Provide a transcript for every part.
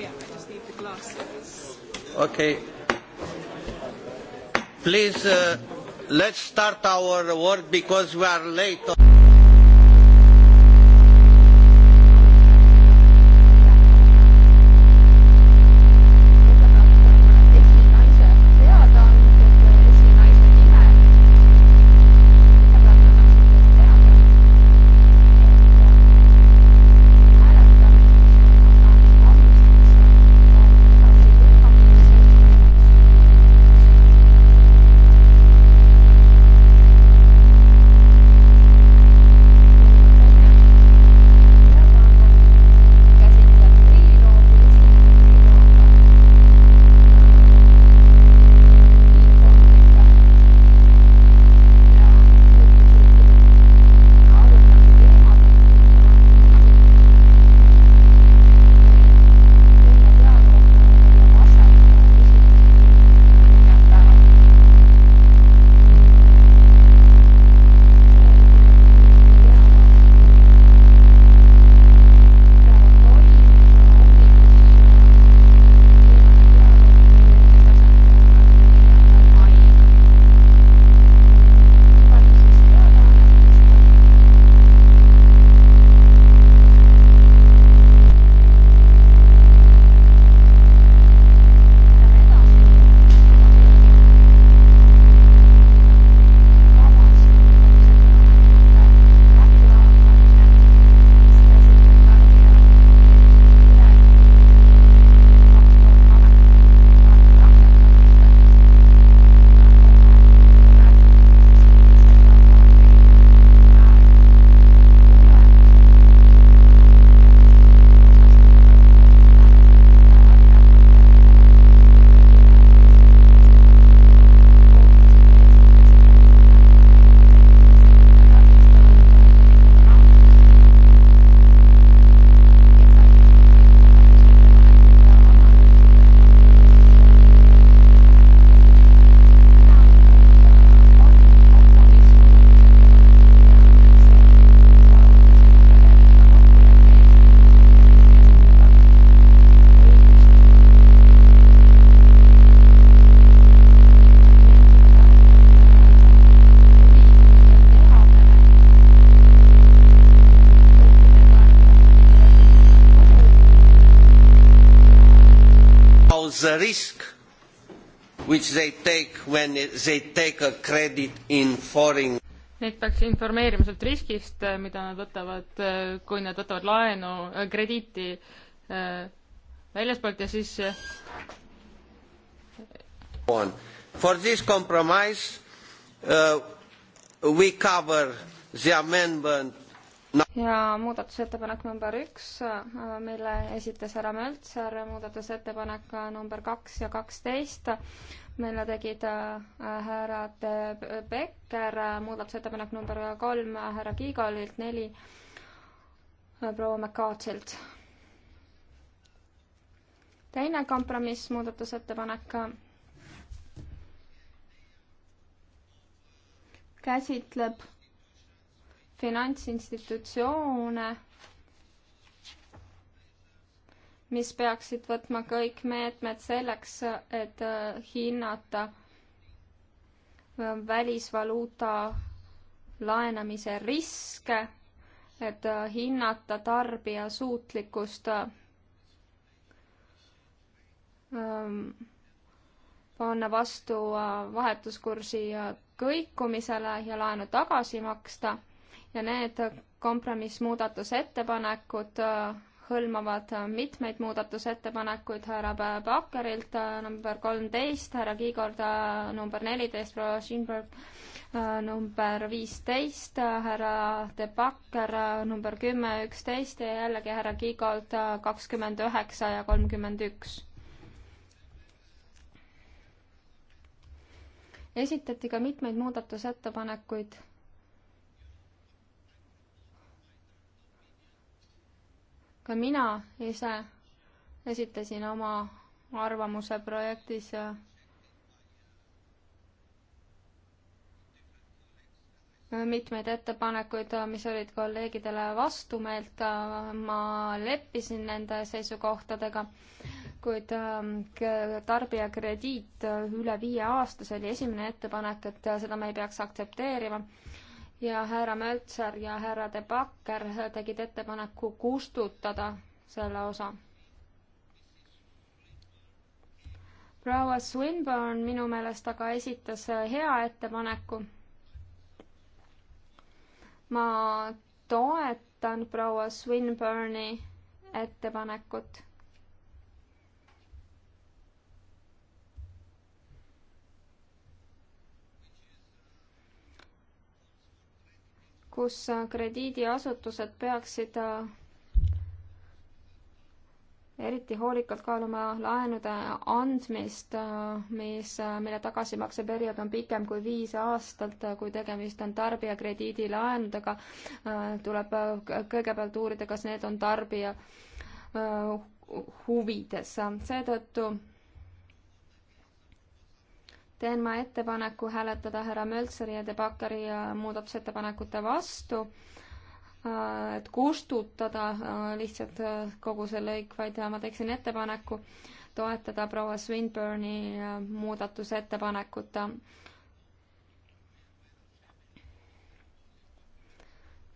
yeah, I just need the glasses. Okay. Please, uh, let's start our work because we are late. when they take a credit in foreign Neid peaks informeerima sealt riskist, eh, mida nad võtavad, eh, kui nad võtavad laenu, eh, krediiti väljaspoolt ja siis on. For this compromise uh, we cover the amendment ja muudatusettepanek number üks, äh, mille esitas härra Möltser, muudatusettepanek äh, number kaks ja kaksteist, mille tegid äh, härrad Becker, muudatusettepanek number kolm härra Kiigalilt, neli proua McCarthy'lt. teine kompromiss, muudatusettepanek käsitleb finantsinstitutsioone, mis peaksid võtma kõik meetmed selleks, et äh, hinnata äh, välisvaluuta laenamise riske, et äh, hinnata tarbija suutlikkust ähm, panna vastu vahetuskursi kõikumisele ja laenu tagasi maksta ja need kompromissmuudatusettepanekud äh, hõlmavad äh, mitmeid muudatusettepanekuid härra Bakkerilt äh, number kolmteist, härra Kiigorda number neliteist, proua Schindberg number viisteist, härra De Bakker number kümme, üksteist ja jällegi härra Kiigold kakskümmend üheksa ja kolmkümmend üks. esitati ka mitmeid muudatusettepanekuid ka mina ise esitasin oma arvamuse projektis mitmeid ettepanekuid, mis olid kolleegidele vastumeelt, ma leppisin nende seisukohtadega, kuid ähm, tarbijakrediit üle viie aastas oli esimene ettepanek, et seda me ei peaks aktsepteerima ja härra Möltser ja härra De Backer tegid ettepaneku kustutada selle osa. proua Swinburne minu meelest aga esitas hea ettepaneku. ma toetan proua Swinburne'i ettepanekut kus krediidiasutused peaksid äh, eriti hoolikalt kaaluma laenude andmist, äh, mis, äh, mille tagasimakseperiood on pikem kui viis aastat, kui tegemist on tarbija krediidilaenudega, tuleb kõigepealt uurida, kas need on tarbija huvides. seetõttu teen ma ettepaneku hääletada härra Möltseri ja De Bakkeri äh, muudatusettepanekute vastu, äh, et kustutada äh, lihtsalt kogu see lõik, vaid ma teeksin ettepaneku toetada proua Swinburne'i muudatusettepanekut.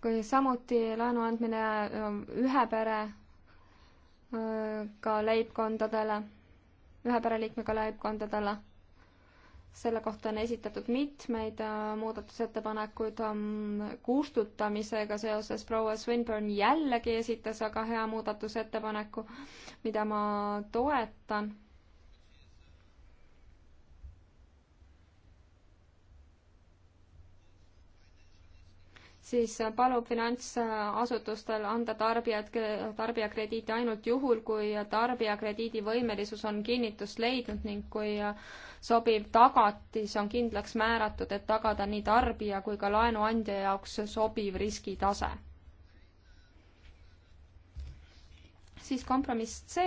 kui samuti laenu andmine ühe pere ka leibkondadele, ühe pereliikmega leibkondadele selle kohta on esitatud mitmeid äh, muudatusettepanekuid ähm, kustutamisega seoses. proua Swinburne jällegi esitas väga hea muudatusettepaneku, mida ma toetan siis äh, palub finantsasutustel anda tarbijad, tarbijakrediiti ainult juhul, kui tarbijakrediidi võimelisus on kinnitust leidnud ning kui äh, sobiv tagatis on kindlaks määratud, et tagada nii tarbija kui ka laenuandja jaoks sobiv riskitase. siis kompromiss C,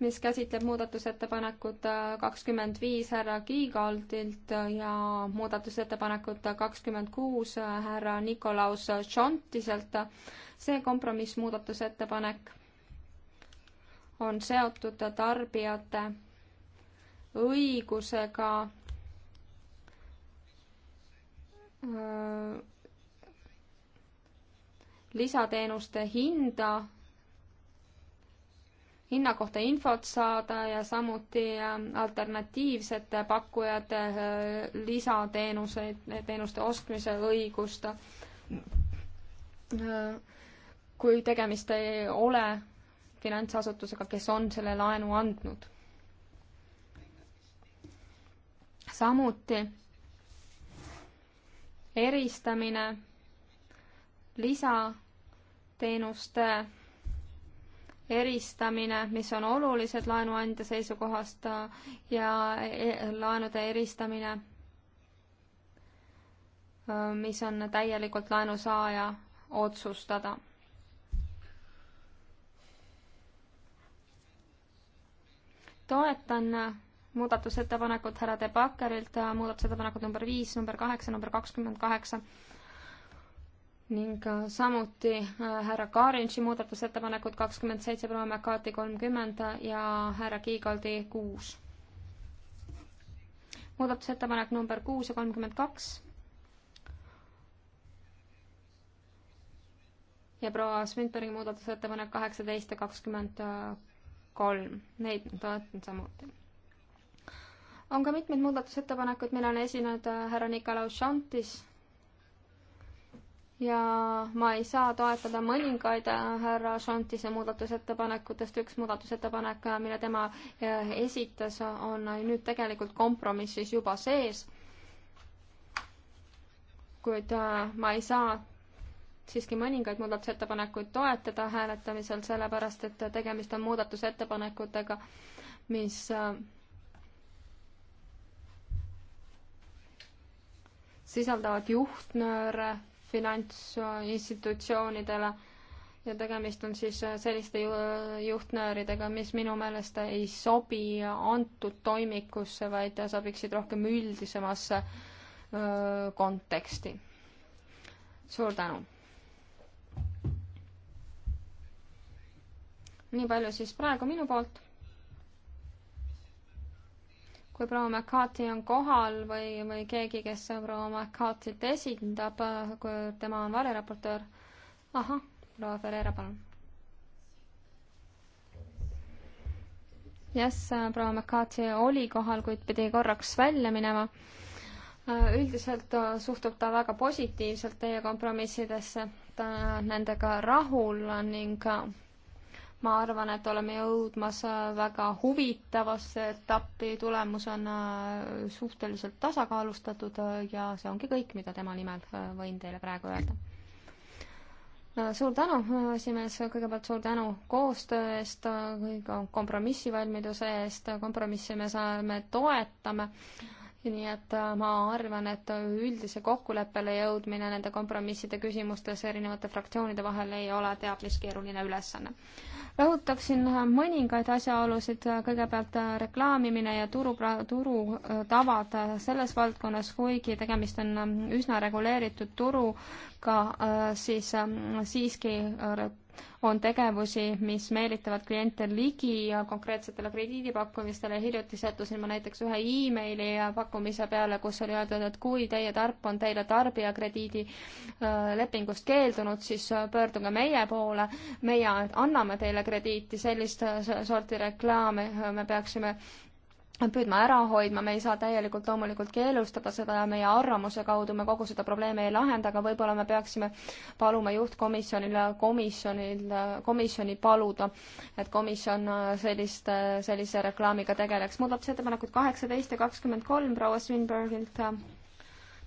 mis käsitleb muudatusettepanekut kakskümmend viis härra Kiigaldilt ja muudatusettepanekut kakskümmend kuus härra Nikolaus Tšontiselt. see kompromiss muudatusettepanek on seotud tarbijate õigusega äh, lisateenuste hinda, hinna kohta infot saada ja samuti äh, alternatiivsete pakkujate äh, lisateenuseid, teenuste ostmise õigust. kui tegemist ei ole finantsasutusega, kes on selle laenu andnud. samuti eristamine lisateenuste eristamine, mis on olulised laenuandja seisukohast äh, ja e, laenude eristamine, äh, mis on täielikult laenusaaja otsustada toetan muudatusettepanekut härra De Bakkerilt, muudatusettepanekud number viis, number kaheksa, number kakskümmend kaheksa ning äh, samuti äh, härra Kaarinši muudatusettepanekud kakskümmend seitse, proua McCarthy kolmkümmend ja härra Kiigoldi kuus. muudatusettepanek number kuus ja kolmkümmend kaks. ja proua Svintbergi muudatusettepanek kaheksateist ja kakskümmend 20 äh, kolm, neid ma toetan samuti. on ka mitmeid muudatusettepanekuid, mille on esinenud äh, härra Nikolaus Šantis ja ma ei saa toetada mõningaid äh, härra Šantise muudatusettepanekutest, üks muudatusettepanek, äh, mille tema esitas, on nüüd tegelikult kompromissis juba sees. kuid ma ei saa siiski mõningaid muudatusettepanekuid toetada hääletamisel, sellepärast et tegemist on muudatusettepanekutega, mis äh, sisaldavad juhtnööre finantsinstitutsioonidele ja tegemist on siis äh, selliste juhtnööridega, mis minu meelest ei sobi antud toimikusse, vaid sobiksid rohkem üldisemasse äh, konteksti. suur tänu! nii palju siis praegu minu poolt. kui proua McCarthy on kohal või, või keegi, kes proua McCarthy't esindab, kui tema on vareraportöör. ahah, proua Ferreira, palun. jah yes,, proua McCarthy oli kohal, kuid pidi korraks välja minema üldiselt äh, suhtub ta väga positiivselt teie kompromissidesse, ta on nendega rahul ning äh, ma arvan, et oleme jõudmas äh, väga huvitavasse etappi, tulemus on äh, suhteliselt tasakaalustatud äh, ja see ongi kõik, mida tema nimel võin teile praegu öelda. suur tänu, esimees, kõigepealt suur tänu koostöö eest, kompromissivalmiduse eest, kompromissi me saame, toetame nii et ma arvan, et üldise kokkuleppele jõudmine nende kompromisside küsimustes erinevate fraktsioonide vahel ei ole teab mis keeruline ülesanne rõhutaksin mõningaid asjaolusid, kõigepealt äh, reklaamimine ja turu, turutavad äh, äh, selles valdkonnas, kuigi tegemist on üsna reguleeritud turuga, siis siiski on tegevusi, mis meelitavad kliente ligi konkreetsetele krediidipakkumistele. hiljuti sattusin ma näiteks ühe emaili pakkumise peale, kus oli öeldud, et kui teie tarp on teile tarbijakrediidi äh, lepingust keeldunud, siis äh, pöörduge meie poole. meie anname teile krediiti, sellist äh, sorti reklaame me peaksime püüdma ära hoidma, me ei saa täielikult loomulikult keelustada seda ja meie arvamuse kaudu me kogu seda probleemi ei lahenda, aga võib-olla me peaksime paluma juhtkomisjonile, komisjonil, komisjoni paluda, et komisjon äh, sellist, äh, sellise reklaamiga tegeleks. muudatusettepanekud kaheksateist ja kakskümmend kolm proua Swinburnilt. Äh,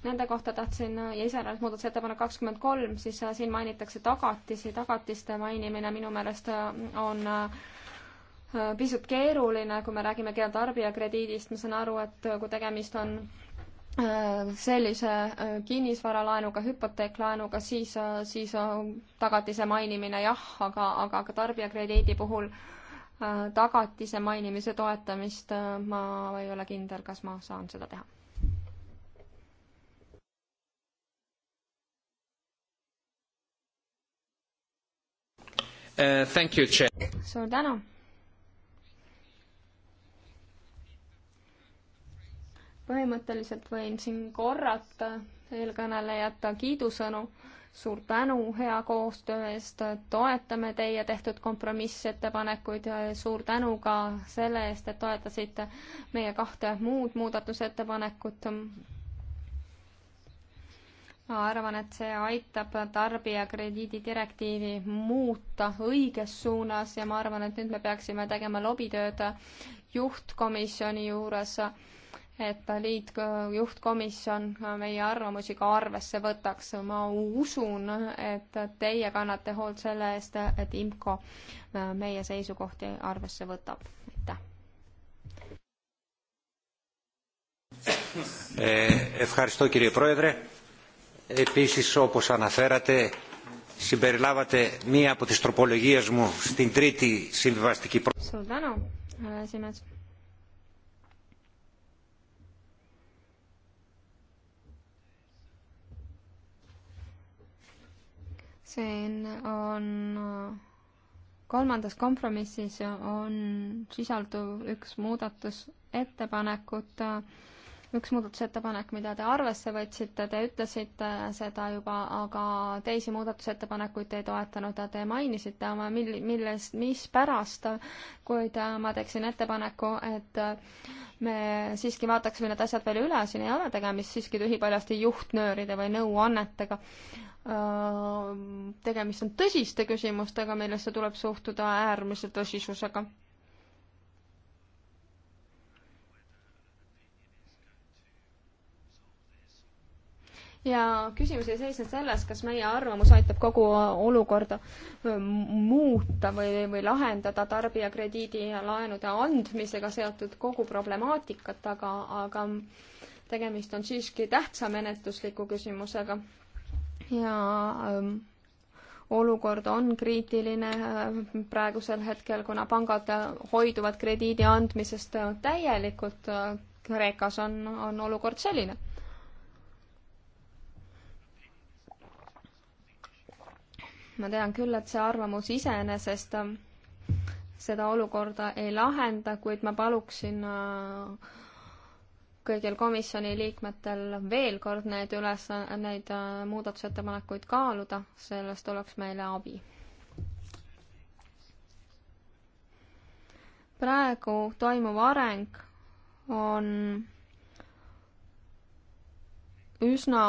nende kohta tahtsin ja iseäranis muudatusettepanek kakskümmend kolm, siis siin mainitakse tagatisi, tagatiste mainimine minu meelest on äh, pisut keeruline, kui me räägime tarbijakrediidist, ma saan aru, et kui tegemist on äh, sellise äh, kinnisvaralaenuga, hüpoteeklaenuga, siis, äh, siis tagatise mainimine jah, aga, aga ka tarbijakrediidi puhul tagatise mainimise toetamist ma ei ole kindel, kas ma saan seda teha. Uh, thank you, Chair. Suur tänu põhimõtteliselt võin siin korrata eelkõnelejate kiidusõnu. suur tänu hea koostöö eest, toetame teie tehtud kompromissettepanekuid ja suur tänu ka selle eest, et toetasite meie kahte muud muudatusettepanekut ma arvan, et see aitab tarbijakrediidi direktiivi muuta õiges suunas ja ma arvan, et nüüd me peaksime tegema lobitööd juhtkomisjoni juures et liit, juhtkomisjon meie arvamusi ka arvesse võtaks. ma usun, et teie kannate hoolt selle eest, et IMCO meie seisukohti arvesse võtab. aitäh. Eh, Ευχαριστώ κύριε Πρόεδρε. Επίσης όπως αναφέρατε συμπεριλάβατε μία από τις τροπολογίες μου στην τρίτη συμβιβαστική πρόταση. Σολτάνο, αλλά σήμερα. siin on kolmandas kompromissis on sisalduv üks muudatusettepanekut äh, üks muudatusettepanek, mida te arvesse võtsite, te ütlesite seda juba, aga teisi muudatusettepanekuid te ei toetanud ja te mainisite oma mill-, millest, mispärast, kuid äh, ma teeksin ettepaneku, et äh, me siiski vaataksime need asjad veel üle, siin ei ole tegemist siiski tühipaljasti juhtnööride või nõuannetega. Äh, tegemist on tõsiste küsimustega, millesse tuleb suhtuda äärmise tõsisusega ja küsimus ei seisnud selles, kas meie arvamus aitab kogu olukorda äh, muuta või, või lahendada tarbijakrediidi ja laenude andmisega seotud kogu problemaatikat, aga, aga tegemist on siiski tähtsa menetlusliku küsimusega. ja ähm, olukord on kriitiline äh, praegusel hetkel, kuna pangad äh, hoiduvad krediidi andmisest täielikult. Kreekas on, on olukord selline ma tean küll, et see arvamus iseenesest ähm, seda olukorda ei lahenda, kuid ma paluksin äh, kõigil komisjoni liikmetel veel kord need üles, neid äh, muudatusettepanekuid kaaluda, sellest oleks meile abi. praegu toimuv areng on üsna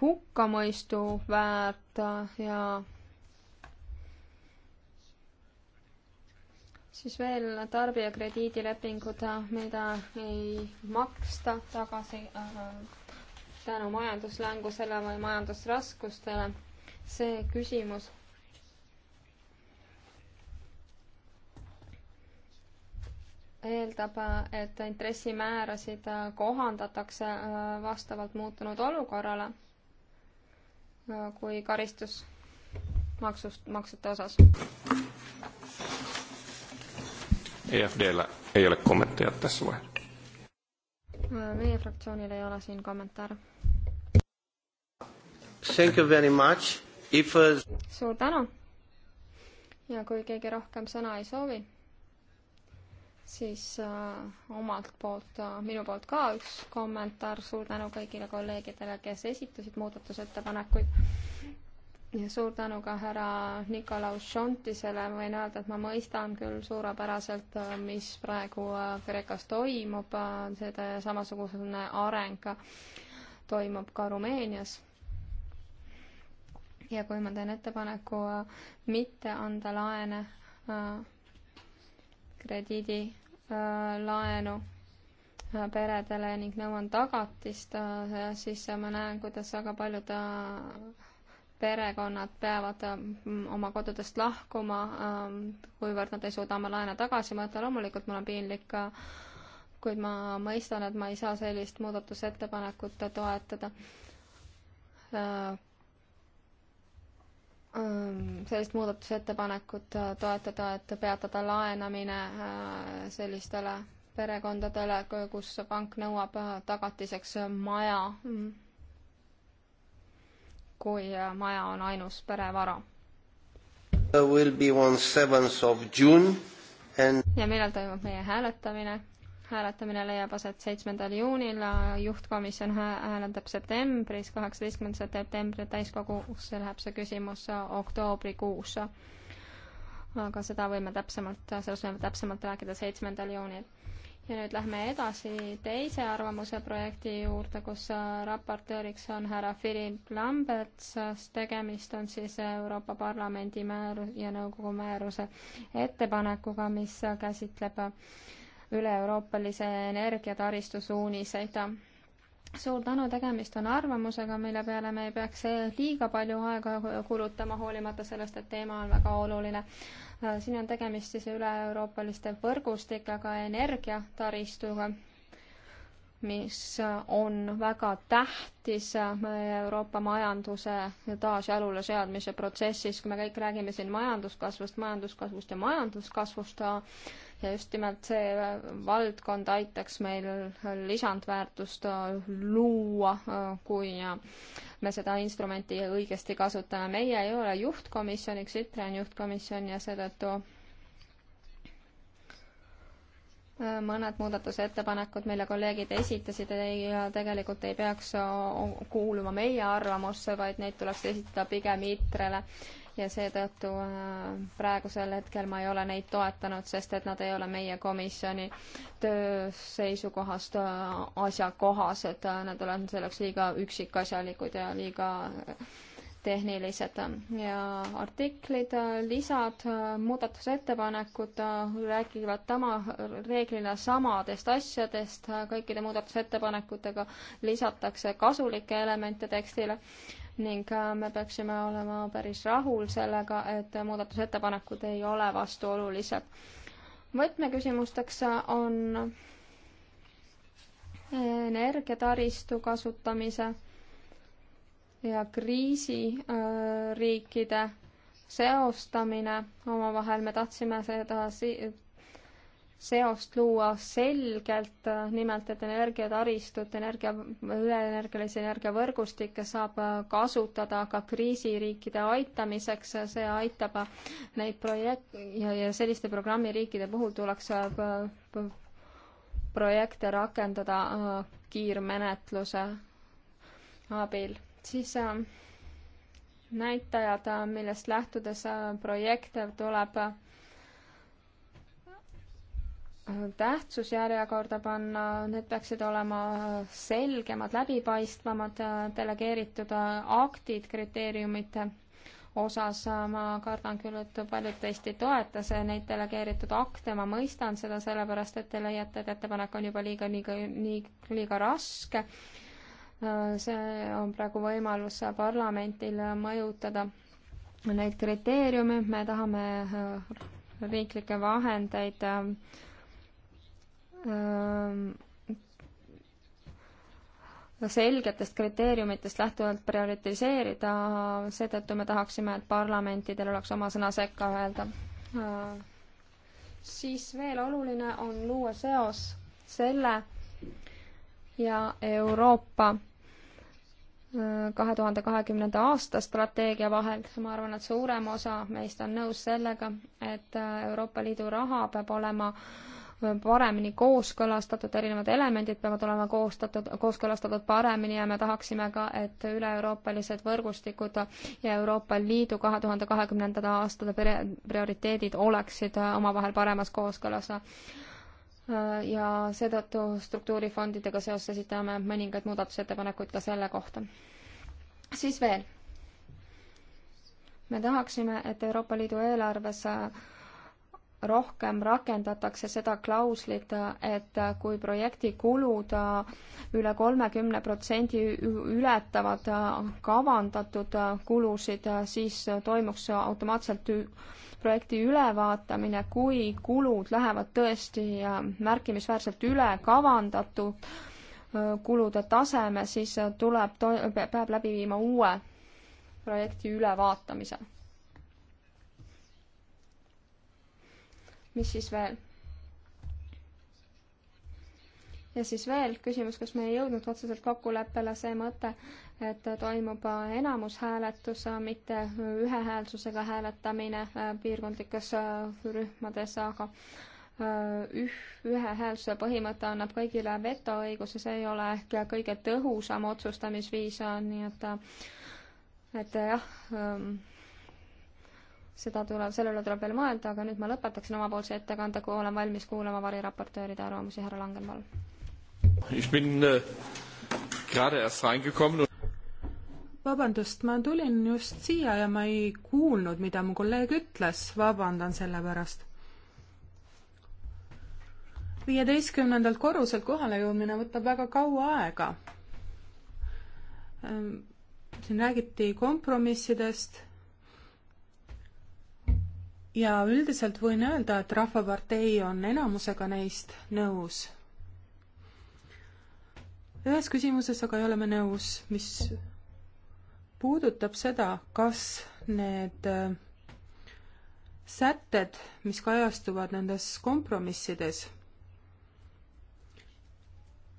hukkamõistu väärt ja siis veel tarbijakrediidilepingud, mida ei maksta tagasi tänu majanduslangusele või majandusraskustele. see küsimus eeldab, et intressimäärasid kohandatakse äh, vastavalt muutunud olukorrale äh, kui karistus maksust, maksete osas. EFD-l ei ole kommentaare tässä vaiheessa. Äh, meie fraktsioonil ei ole siin kommentaare. Thank you very much. If a... Uh, suur tänu. ja kui keegi rohkem sõna ei soovi siis äh, omalt poolt äh,, minu poolt ka üks kommentaar, suur tänu kõigile kolleegidele, kes esitasid muudatusettepanekuid. ja suur tänu ka härra Nikolaus Šontisele, ma võin öelda, et ma mõistan küll suurepäraselt, äh, mis praegu äh, Kreekas toimub äh,, seda samasugune areng toimub ka Rumeenias ja kui ma teen ettepaneku äh, mitte anda laene äh, krediidi Äh, laenu äh, peredele ning nõuan tagatist, äh, siis ma näen, kuidas väga paljud perekonnad peavad oma kodudest lahkuma, kuivõrd nad ei suuda oma laene tagasi võtta, loomulikult mul on piinlik ka kuid ma mõistan, et ma ei saa sellist muudatusettepanekut toetada Ähm, sellist muudatusettepanekut äh, toetada, et peatada laenamine äh, sellistele perekondadele, kus pank nõuab äh, tagatiseks maja, mm. kui maja on ainus perevara. And... ja millal toimub meie hääletamine? hääletamine leiab aset seitsmendal juunil, juhtkomisjon hääletab septembris, kaheksateistkümnendal septembril täiskogusse läheb see küsimus oktoobrikuus. aga seda võime täpsemalt, sellest võime täpsemalt rääkida seitsmendal juunil. ja nüüd lähme edasi teise arvamuse projekti juurde, kus raportööriks on härra Philip Lamberts, tegemist on siis Euroopa Parlamendi määr- ja nõukogu määruse ettepanekuga, mis käsitleb üle-euroopalise energiataristu suuniseid. suur tänu, tegemist on arvamusega, mille peale me ei peaks liiga palju aega kulutama, hoolimata sellest, et teema on väga oluline. siin on tegemist siis üle-euroopaliste võrgustikega, energiataristuga mis on väga tähtis meie Euroopa majanduse taasjalule seadmise protsessis, kui me kõik räägime siin majanduskasvust, majanduskasvust ja majanduskasvust, ja just nimelt see äh, valdkond aitaks meil lisandväärtust äh, luua, äh, kui me seda instrumenti õigesti kasutame. meie ei ole juhtkomisjoniks, ITRE on juhtkomisjon ja seetõttu mõned muudatusettepanekud, mille kolleegid esitasid, ei, tegelikult ei peaks kuuluma meie arvamusse, vaid neid tuleks esitada pigem ITRE-le ja seetõttu äh, praegusel hetkel ma ei ole neid toetanud, sest et nad ei ole meie komisjoni töö seisukohast äh, asjakohased, äh, nad on selleks liiga üksikasjalikud ja liiga tehnilised ja artiklid, lisad, muudatusettepanekud räägivad tama, reeglina samadest asjadest, kõikide muudatusettepanekutega lisatakse kasulikke elemente tekstile ning äh, me peaksime olema päris rahul sellega, et muudatusettepanekud ei ole vastuolulised. võtmeküsimusteks on energiataristu kasutamise ja kriisiriikide äh, seostamine omavahel, me tahtsime seda si-, seost luua selgelt, nimelt et energiataristut, energia, üleenergialise energiavõrgustikke saab kasutada ka kriisiriikide aitamiseks, see aitab neid projekt- ja, ja selliste programmiriikide puhul tuleks äh, projekte rakendada äh, kiirmenetluse abil. siis äh, näitajad, millest lähtudes projekte tuleb tähtsusjärjekorda panna, need peaksid olema selgemad, läbipaistvamad delegeeritud aktid kriteeriumite osas. ma kardan küll, et paljud teist ei toeta see, neid delegeeritud akte, ma mõistan seda, sellepärast et te leiate, et ettepanek on juba liiga, liiga, nii, liiga raske. see on praegu võimalus parlamendil mõjutada neid kriteeriume, me tahame riiklikke vahendeid äh, selgetest kriteeriumitest lähtuvalt prioritiseerida, seetõttu me tahaksime, et parlamentidel oleks oma sõna sekka öelda. siis veel oluline on luua seos selle ja Euroopa kahe tuhande kahekümnenda aasta strateegia vahel, ma arvan, et suurem osa meist on nõus sellega, et Euroopa Liidu raha peab olema äh, paremini kooskõlastatud, erinevad elemendid peavad olema koostatud, kooskõlastatud paremini ja me tahaksime ka, et üle-euroopalised võrgustikud ja Euroopa Liidu kahe tuhande kahekümnendate aastate prioriteedid oleksid omavahel paremas kooskõlas. ja seetõttu struktuurifondidega seoses esitame mõningaid muudatusettepanekuid ka selle kohta. siis veel. me tahaksime, et Euroopa Liidu eelarves rohkem rakendatakse seda klauslit, et kui projekti kulud üle kolmekümne protsendi ületavad kavandatud kulusid, siis toimuks automaatselt projekti ülevaatamine, kui kulud lähevad tõesti märkimisväärselt üle kavandatud äh, kulude taseme, siis tuleb, peab läbi viima uue projekti ülevaatamise mis siis veel? ja siis veel küsimus, kas me ei jõudnud otseselt kokkuleppele, see mõte, et toimub enamushääletus, mitte ühehäälsusega hääletamine äh, piirkondlikes äh, rühmades, aga äh, üh-, ühehäälsuse põhimõte annab kõigile vetoõiguse, see ei ole ehk kõige tõhusam otsustamisviis, nii et et jah ähm,, seda tuleb, sellele tuleb veel mõelda, aga nüüd ma lõpetaksin omapoolse ettekande, kui olen valmis kuulama variraportööride arvamusi, härra Langenvall. Äh, vabandust, ma tulin just siia ja ma ei kuulnud, mida mu kolleeg ütles, vabandan selle pärast. viieteistkümnendalt korruselt kohale jõudmine võtab väga kaua aega. siin räägiti kompromissidest ja üldiselt võin öelda, et Rahvapartei on enamusega neist nõus. ühes küsimuses aga ei ole me nõus, mis puudutab seda, kas need äh, sätted, mis kajastuvad nendes kompromissides,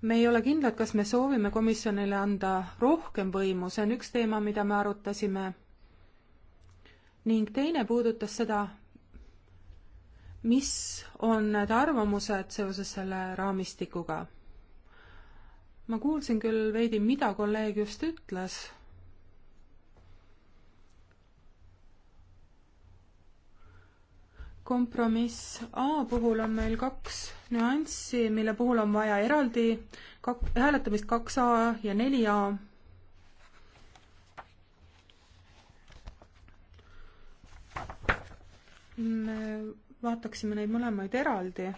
me ei ole kindlad, kas me soovime komisjonile anda rohkem võimu, see on üks teema, mida me arutasime, ning teine puudutas seda, mis on need arvamused seoses selle raamistikuga? ma kuulsin küll veidi, mida kolleeg just ütles. kompromiss A puhul on meil kaks nüanssi, mille puhul on vaja eraldi kak-, hääletamist kaks A ja neli A me vaataksime neid mõlemaid eraldi.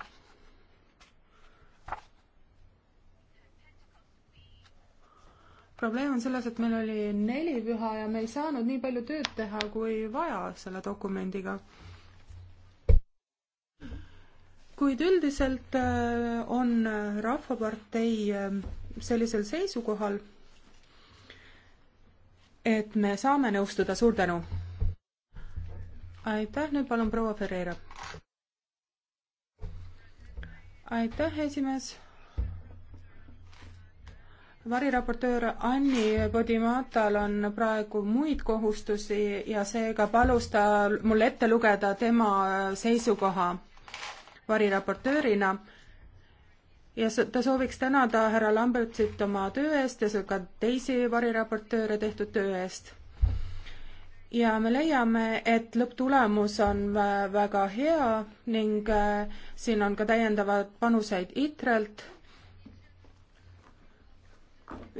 probleem on selles, et meil oli neli püha ja me ei saanud nii palju tööd teha kui vaja selle dokumendiga. kuid üldiselt äh, on äh, Rahvapartei äh, sellisel seisukohal, et me saame nõustuda, suur tänu! aitäh, nüüd palun proua Ferreira. aitäh, esimees. variraportöör Anni Podimatal on praegu muid kohustusi ja seega palus ta mul ette lugeda tema seisukoha variraportöörina ja ta sooviks tänada härra Lambertsit oma töö eest ja ka teisi variraportööre tehtud töö eest ja me leiame, et lõpptulemus on väga hea ning äh, siin on ka täiendavad panuseid ITRE-lt.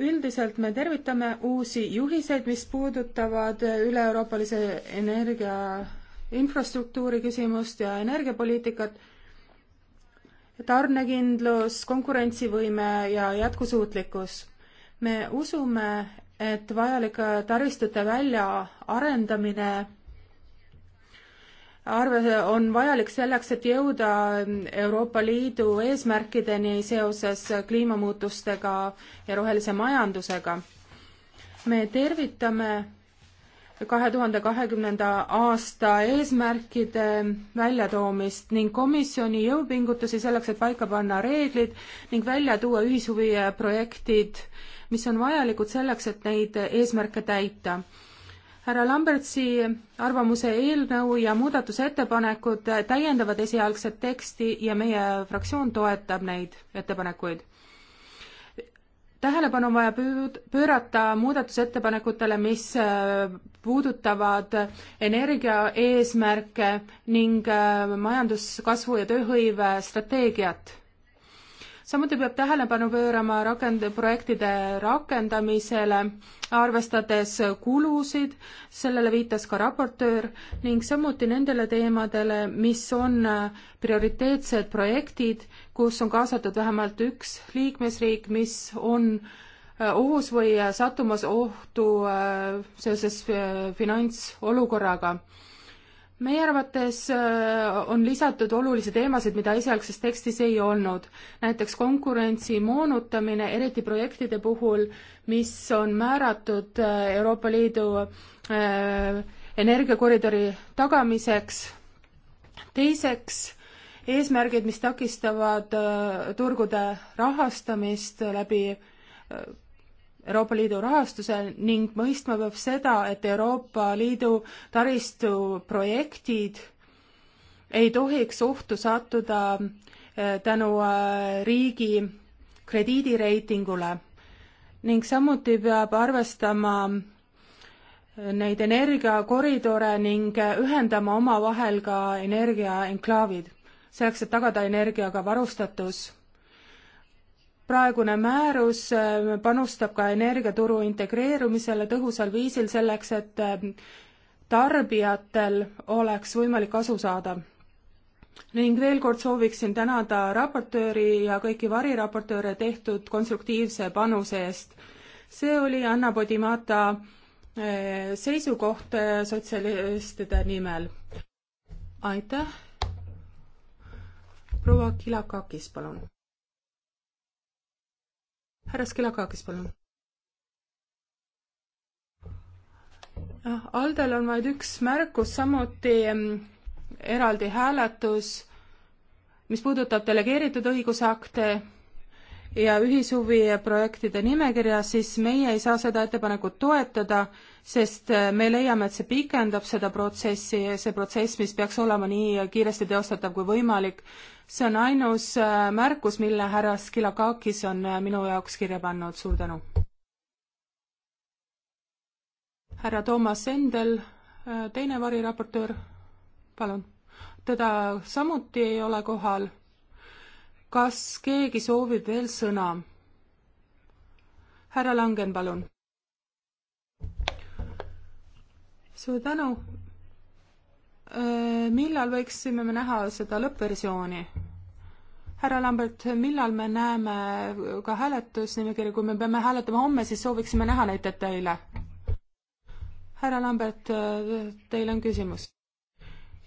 üldiselt me tervitame uusi juhiseid, mis puudutavad üle-euroopalise energia infrastruktuuri küsimust ja energiapoliitikat, tarnekindlus, konkurentsivõime ja jätkusuutlikkus. me usume, et vajalike taristute väljaarendamine arve on vajalik selleks, et jõuda Euroopa Liidu eesmärkideni seoses kliimamuutustega ja rohelise majandusega. me tervitame kahe tuhande kahekümnenda aasta eesmärkide väljatoomist ning komisjoni jõupingutusi selleks, et paika panna reeglid ning välja tuua ühishuviprojektid äh, mis on vajalikud selleks, et neid eesmärke täita. härra Lambertsi arvamuse eelnõu ja muudatusettepanekud täiendavad esialgset teksti ja meie fraktsioon toetab neid ettepanekuid tähelepanu on vaja pöörata muudatusettepanekutele, mis äh, puudutavad energiaeesmärke ning äh, majanduskasvu ja tööhõive strateegiat samuti peab tähelepanu pöörama rakend-, projektide rakendamisele, arvestades kulusid, sellele viitas ka raportöör, ning samuti nendele teemadele, mis on prioriteetsed projektid, kus on kaasatud vähemalt üks liikmesriik, mis on äh, ohus või äh, sattumas ohtu äh, seoses finantsolukorraga meie arvates äh, on lisatud olulisi teemasid, mida esialgses tekstis ei olnud. näiteks konkurentsi moonutamine, eriti projektide puhul, mis on määratud äh, Euroopa Liidu äh, energiakoridori tagamiseks. teiseks, eesmärgid, mis takistavad turgude rahastamist läbi Euroopa Liidu rahastusel ning mõistma peab seda, et Euroopa Liidu taristuprojektid ei tohiks ohtu sattuda eh, tänu eh, riigi krediidireitingule ning samuti peab arvestama eh, neid energiakoridore ning ühendama omavahel ka energiaenklaavid, selleks et tagada energiaga varustatus praegune määrus äh, panustab ka energiaturu integreerumisele tõhusal viisil selleks, et äh, tarbijatel oleks võimalik kasu saada. ning veel kord sooviksin tänada raportööri ja kõiki variraportööre tehtud konstruktiivse panuse eest. see oli Anna Podimata äh, seisukoht sotsialistide nimel. aitäh. proua Kilakakis, palun härra Skilakakis, palun. Ah, Aldel on vaid üks märkus, samuti mm, eraldi hääletus, mis puudutab delegeeritud õigusakte ja ühishuviprojektide nimekirja, siis meie ei saa seda ettepanekut toetada, sest me leiame, et see pikendab seda protsessi, see protsess, mis peaks olema nii kiiresti teostatav kui võimalik. see on ainus äh, märkus, mille härra Skilakakis on äh, minu jaoks kirja pannud, suur tänu. härra Toomas Endel, äh, teine variraportöör, palun. teda samuti ei ole kohal kas keegi soovib veel sõna? härra Langen, palun. suur tänu. Äh, millal võiksime me näha seda lõppversiooni? härra Lambert, millal me näeme ka hääletusnimekirja, kui me peame hääletama homme, siis sooviksime näha neid detaile. härra Lambert, teil on küsimus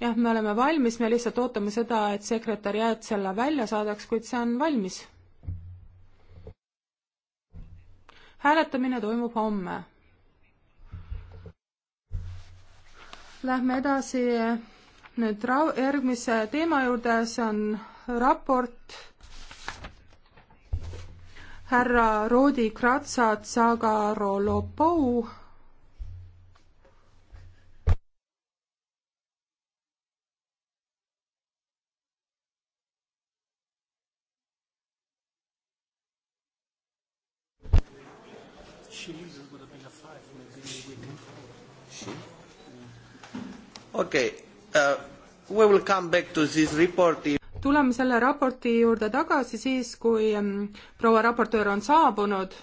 jah, me oleme valmis, me lihtsalt ootame seda, et sekretäriaat selle välja saadaks, kuid see on valmis. hääletamine toimub homme. Lähme edasi nüüd ra-, järgmise teema juurde, see on raport härra Roodi Kratsat Sagarolopou Chili's would have been a five, maybe we can follow. She? Yeah. Okay. Uh, we will come back to this report. tuleme selle raporti juurde tagasi siis, kui um, proua raportöör on saabunud.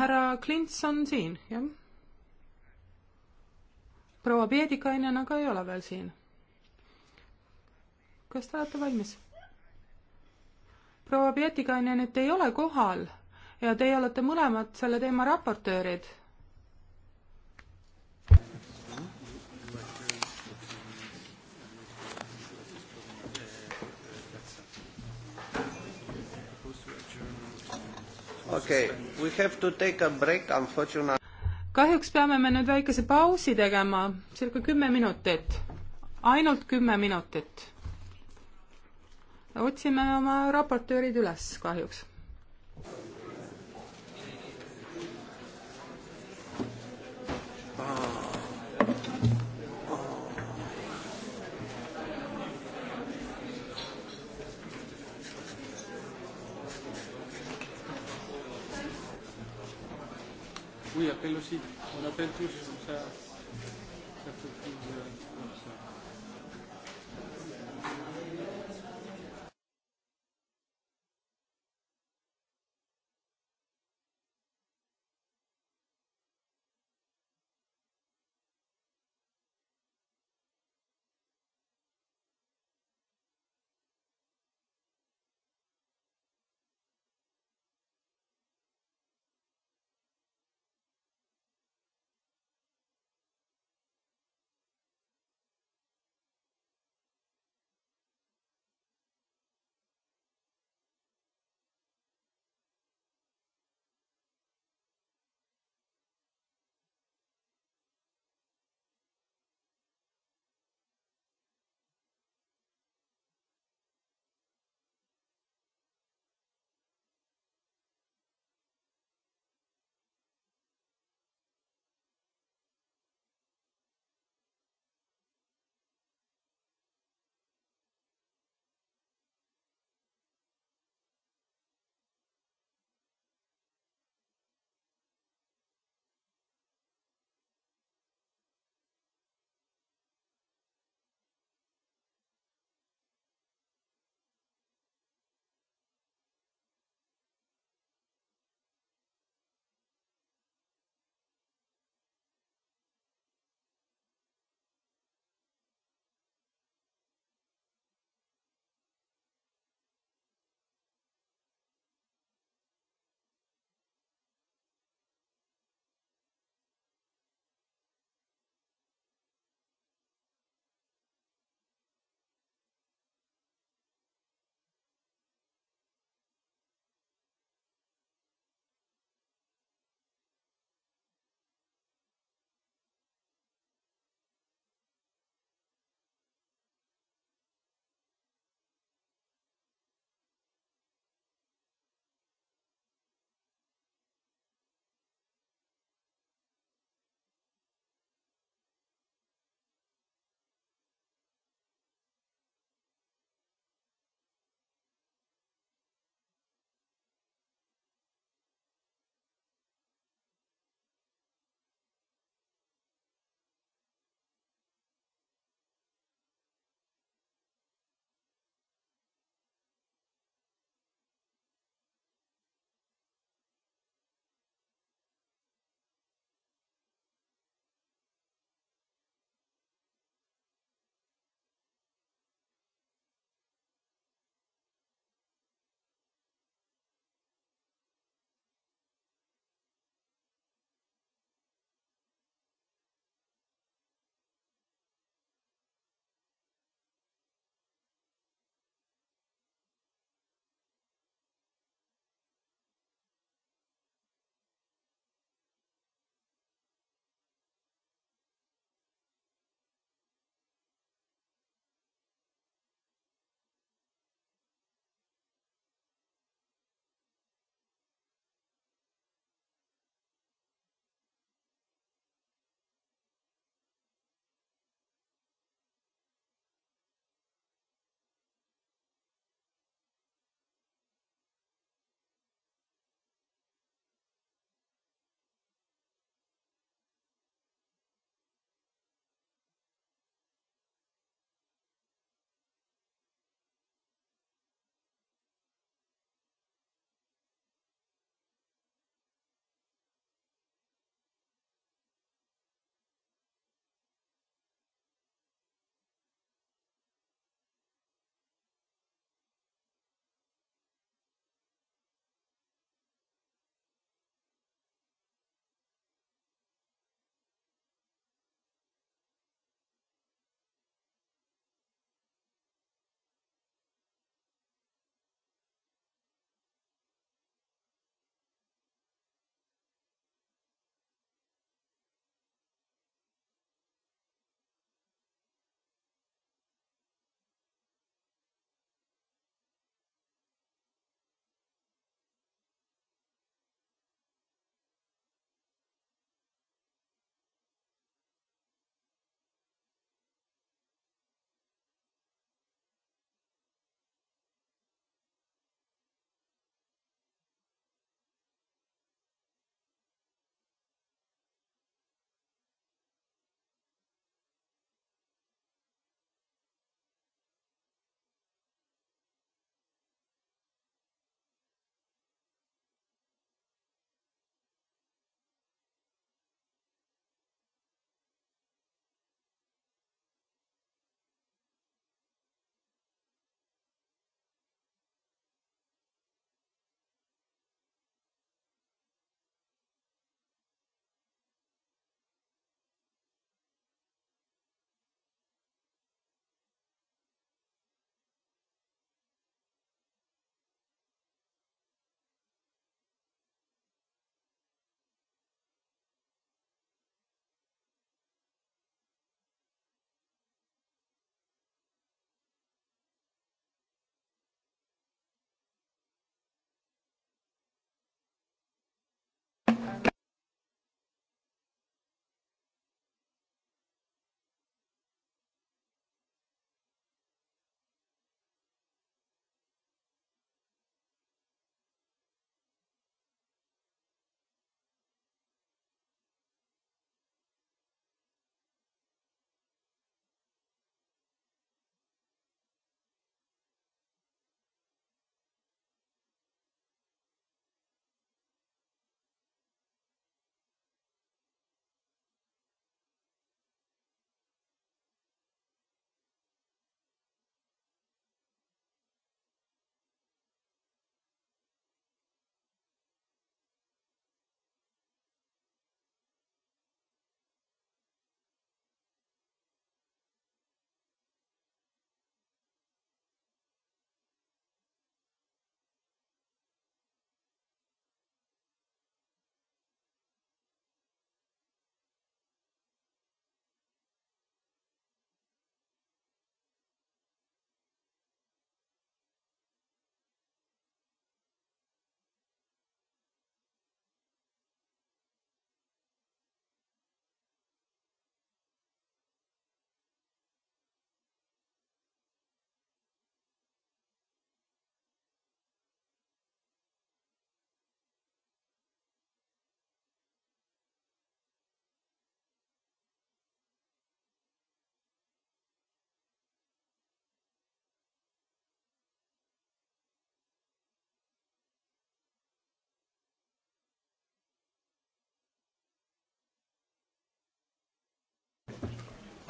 härra Klints on siin, jah? proua Peedikainen aga ei ole veel siin. kas te olete valmis? proua Pietikainenit ei ole kohal ja teie olete mõlemad selle teema raportöörid. okei okay,, we have to take a break unfortunately. kahjuks peame me nüüd väikese pausi tegema, circa kümme minutit, ainult kümme minutit otsime oma raportöörid üles kahjuks Oui, appelle aussi. On appelle tous. Ça...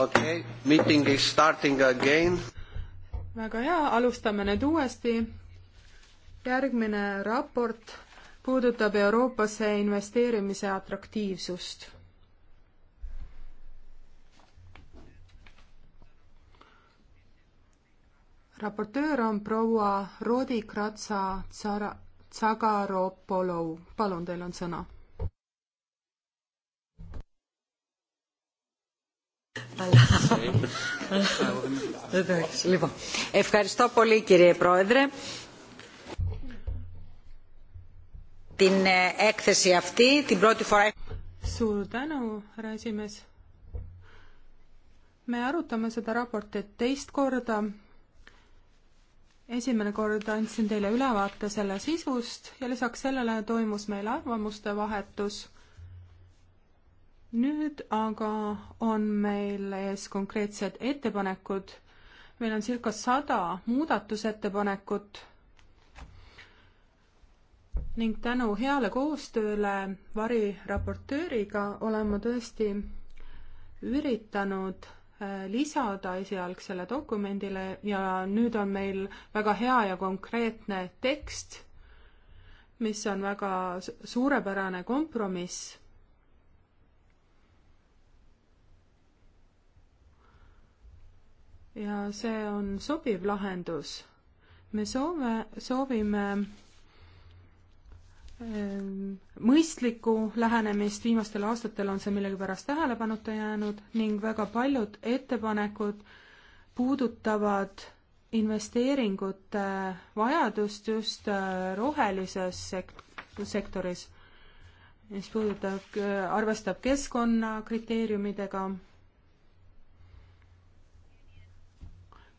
okei okay., meeting is starting again. väga hea, alustame nüüd uuesti. järgmine raport puudutab Euroopasse investeerimise atraktiivsust. raportöör on proua Rodi Kratsa Tsara-, Tsagaropolov, palun, teil on sõna Αλλά... Εντάξει, λοιπόν. Ευχαριστώ πολύ κύριε Πρόεδρε. Την έκθεση αυτή την πρώτη φορά... Suur tänu, härra esimees. me arutame seda raportit teist korda. esimene kord andsin teile ülevaate selle sisust ja lisaks sellele toimus meil arvamuste vahetus nüüd aga on meil ees konkreetsed ettepanekud. meil on circa sada muudatusettepanekut ning tänu heale koostööle variraportööriga olen ma tõesti üritanud äh, lisada esialgsele dokumendile ja nüüd on meil väga hea ja konkreetne tekst, mis on väga suurepärane kompromiss ja see on sobiv lahendus. me soove, soovime ähm, mõistlikku lähenemist, viimastel aastatel on see millegipärast tähelepanuta jäänud ning väga paljud ettepanekud puudutavad investeeringute vajadust just äh, rohelises sekt-, sektoris, mis puudutab, äh, arvestab keskkonnakriteeriumidega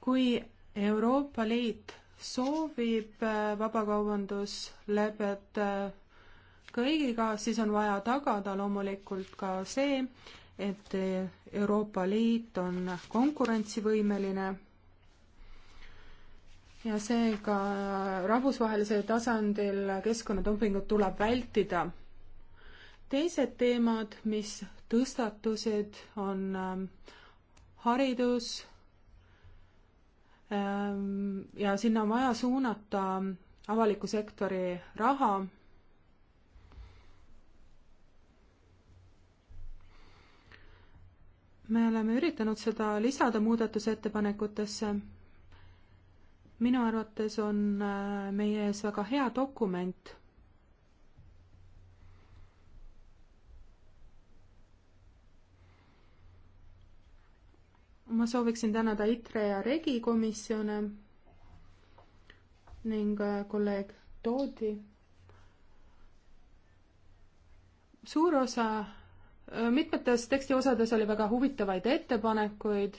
kui Euroopa Liit soovib äh, vabakaubanduslepet äh, kõigiga, siis on vaja tagada loomulikult ka see, et äh, Euroopa Liit on konkurentsivõimeline ja seega rahvusvahelisel tasandil keskkonnadumpingut tuleb vältida. teised teemad, mis tõstatusid, on haridus, Ehm, ja sinna on vaja suunata avaliku sektori raha me oleme üritanud seda lisada muudatusettepanekutesse. minu arvates on äh, meie ees väga hea dokument. ma sooviksin tänada ITRE ja REGI komisjone ning äh, kolleeg Toodi. suur osa, äh, mitmetes teksti osades oli väga huvitavaid ettepanekuid.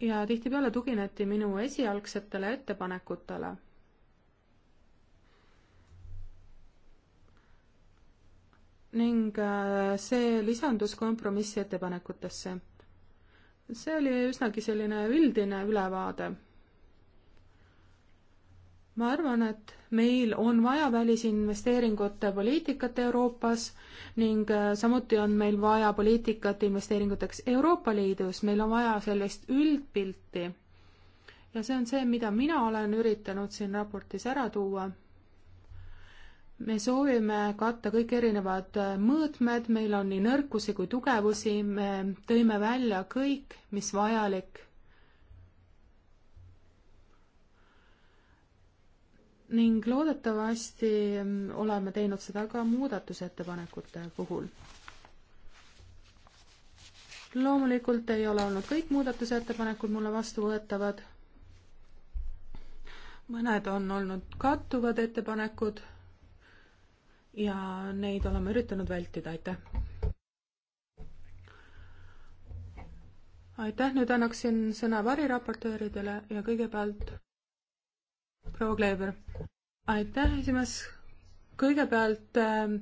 ja tihtipeale tugineti minu esialgsetele ettepanekutele ning äh, see lisandus kompromissi ettepanekutesse. see oli üsnagi selline üldine ülevaade. ma arvan, et meil on vaja välisinvesteeringute poliitikat Euroopas ning äh, samuti on meil vaja poliitikat investeeringuteks Euroopa Liidus, meil on vaja sellist üldpilti. ja see on see, mida mina olen üritanud siin raportis ära tuua me soovime katta kõik erinevad mõõtmed, meil on nii nõrkusi kui tugevusi, me tõime välja kõik, mis vajalik. ning loodetavasti oleme teinud seda ka muudatusettepanekute puhul. loomulikult ei ole olnud kõik muudatusettepanekud mulle vastuvõetavad. mõned on olnud kattuvad ettepanekud ja neid oleme üritanud vältida, aitäh. aitäh, nüüd annaksin sõna variraportööridele ja kõigepealt proua Kleeber. aitäh, esimees. kõigepealt äh,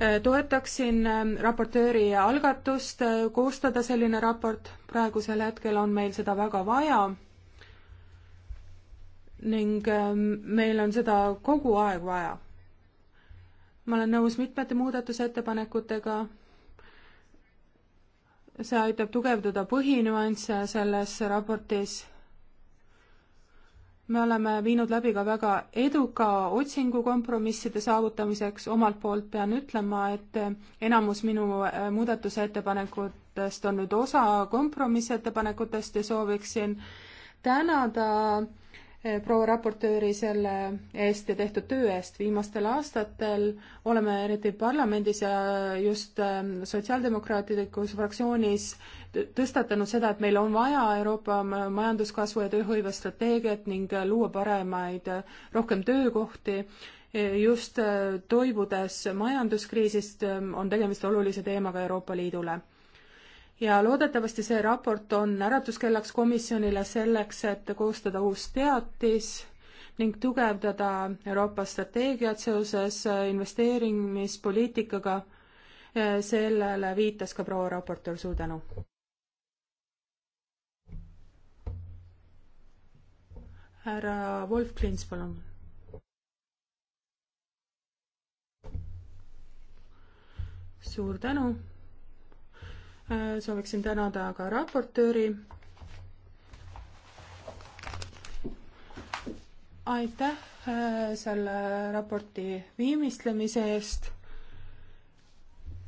äh toetaksin ähm, raportööri algatust äh, koostada selline raport, praegusel hetkel on meil seda väga vaja ning ähm, meil on seda kogu aeg vaja ma olen nõus mitmete muudatusettepanekutega, see aitab tugevdada põhinüansse selles raportis. me oleme viinud läbi ka väga eduka otsingu kompromisside saavutamiseks, omalt poolt pean ütlema, et enamus minu äh, muudatusettepanekutest on nüüd osa kompromissettepanekutest ja sooviksin tänada Eh, proua raportööri selle eest ja tehtud töö eest. viimastel aastatel oleme eriti parlamendis ja just ehm, Sotsiaaldemokraatlikus fraktsioonis tõstatanud seda, et meil on vaja Euroopa majanduskasvu ja tööhõive strateegiat ning luua paremaid, rohkem töökohti. Eh, just eh, toibudes majanduskriisist ehm, on tegemist olulise teemaga Euroopa Liidule ja loodetavasti see raport on äratuskellaks komisjonile selleks, et koostada uus teatis ning tugevdada Euroopa strateegiat seoses investeerimispoliitikaga. sellele viitas ka proua raportöör, suur tänu. härra Wolf Klints, palun. suur tänu Äh, sooviksin tänada ka raportööri. aitäh äh, selle raporti viimistlemise eest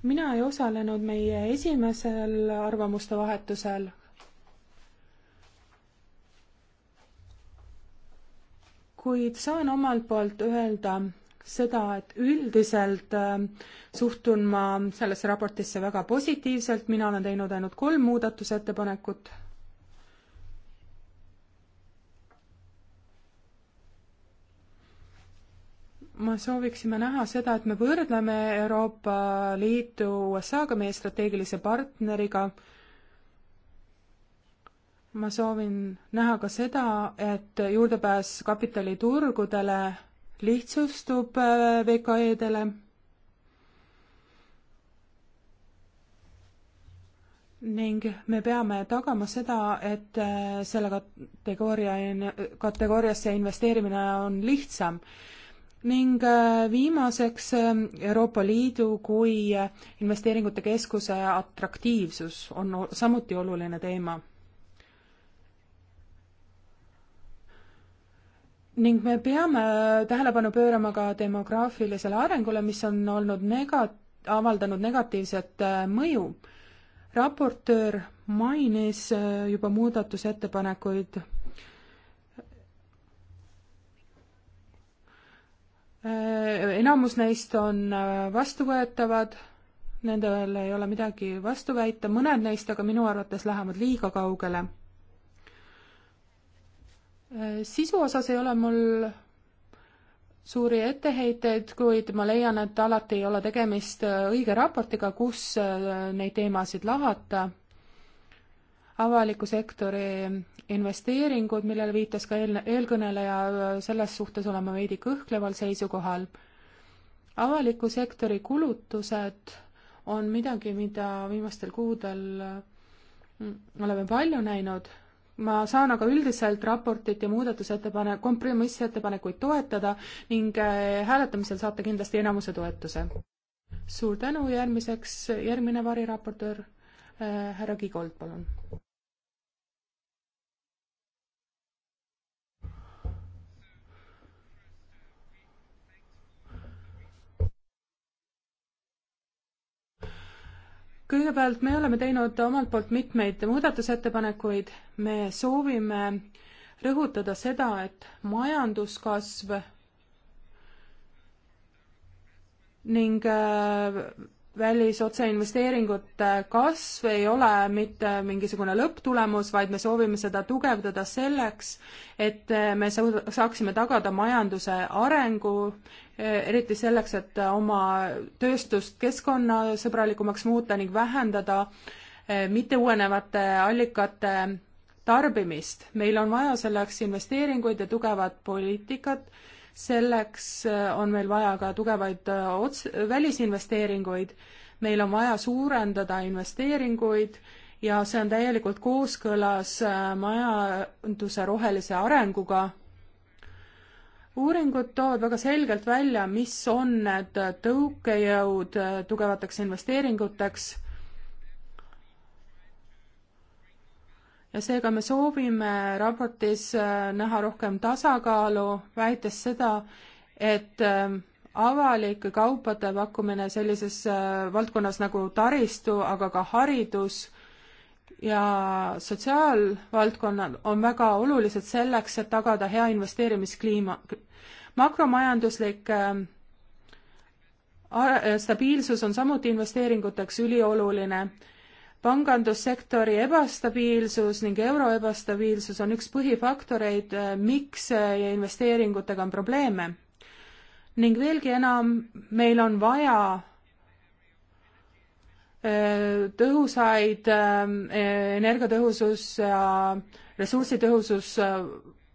mina ei osalenud meie esimesel arvamuste vahetusel. kuid saan omalt poolt öelda, seda, et üldiselt äh, suhtun ma sellesse raportisse väga positiivselt, mina olen teinud ainult kolm muudatusettepanekut. me sooviksime näha seda, et me võrdleme Euroopa Liitu USA-ga, meie strateegilise partneriga. ma soovin näha ka seda, et juurdepääs kapitaliturgudele lihtsustub äh, VKE-dele. ning me peame tagama seda, et äh, selle kategooria, kategooriasse investeerimine on lihtsam ning äh, viimaseks Euroopa Liidu kui investeeringute keskuse atraktiivsus on samuti oluline teema ning me peame tähelepanu pöörama ka demograafilisele arengule, mis on olnud nega-, avaldanud negatiivset äh, mõju. raportöör mainis äh, juba muudatusettepanekuid. Äh, enamus neist on vastuvõetavad, nendel ei ole midagi vastu väita, mõned neist aga minu arvates lähevad liiga kaugele Äh, sisu osas ei ole mul suuri etteheiteid, kuid ma leian, et alati ei ole tegemist äh, õige raportiga, kus äh, neid teemasid lahata. avaliku sektori investeeringud, millele viitas ka eel, eelkõneleja, selles suhtes oleme veidi kõhkleval seisukohal. avaliku sektori kulutused on midagi, mida viimastel kuudel oleme palju näinud ma saan aga üldiselt raportit ja muudatusettepanek, kompromissettepanekuid toetada ning äh, hääletamisel saate kindlasti enamuse toetuse. suur tänu, järgmiseks, järgmine variraportöör äh,, härra Kigold, palun. kõigepealt me oleme teinud omalt poolt mitmeid muudatusettepanekuid, me soovime rõhutada seda, et majanduskasv ning äh, välisotseinvesteeringute kasv ei ole mitte mingisugune lõpptulemus, vaid me soovime seda tugevdada selleks, et me saaksime tagada majanduse arengu, eriti selleks, et oma tööstust keskkonnasõbralikumaks muuta ning vähendada eh, mitte uuenevate allikate tarbimist. meil on vaja selleks investeeringuid ja tugevat poliitikat selleks äh, on meil vaja ka tugevaid äh, ots-, välisinvesteeringuid, meil on vaja suurendada investeeringuid ja see on täielikult kooskõlas äh, majanduse rohelise arenguga. uuringud toovad väga selgelt välja, mis on need tõukejõud tugevateks investeeringuteks ja seega me soovime raportis äh, näha rohkem tasakaalu, väites seda, et äh, avalike kaupade pakkumine sellises äh, valdkonnas nagu taristu, aga ka haridus ja sotsiaalvaldkonnad on väga olulised selleks, et tagada hea investeerimiskliima. makromajanduslik stabiilsus on samuti investeeringuteks ülioluline pangandussektori ebastabiilsus ning euro ebastabiilsus on üks põhifaktoreid, eh, miks eh, investeeringutega on probleeme. ning veelgi enam, meil on vaja eh, tõhusaid energiatõhusus ja ressursitõhusus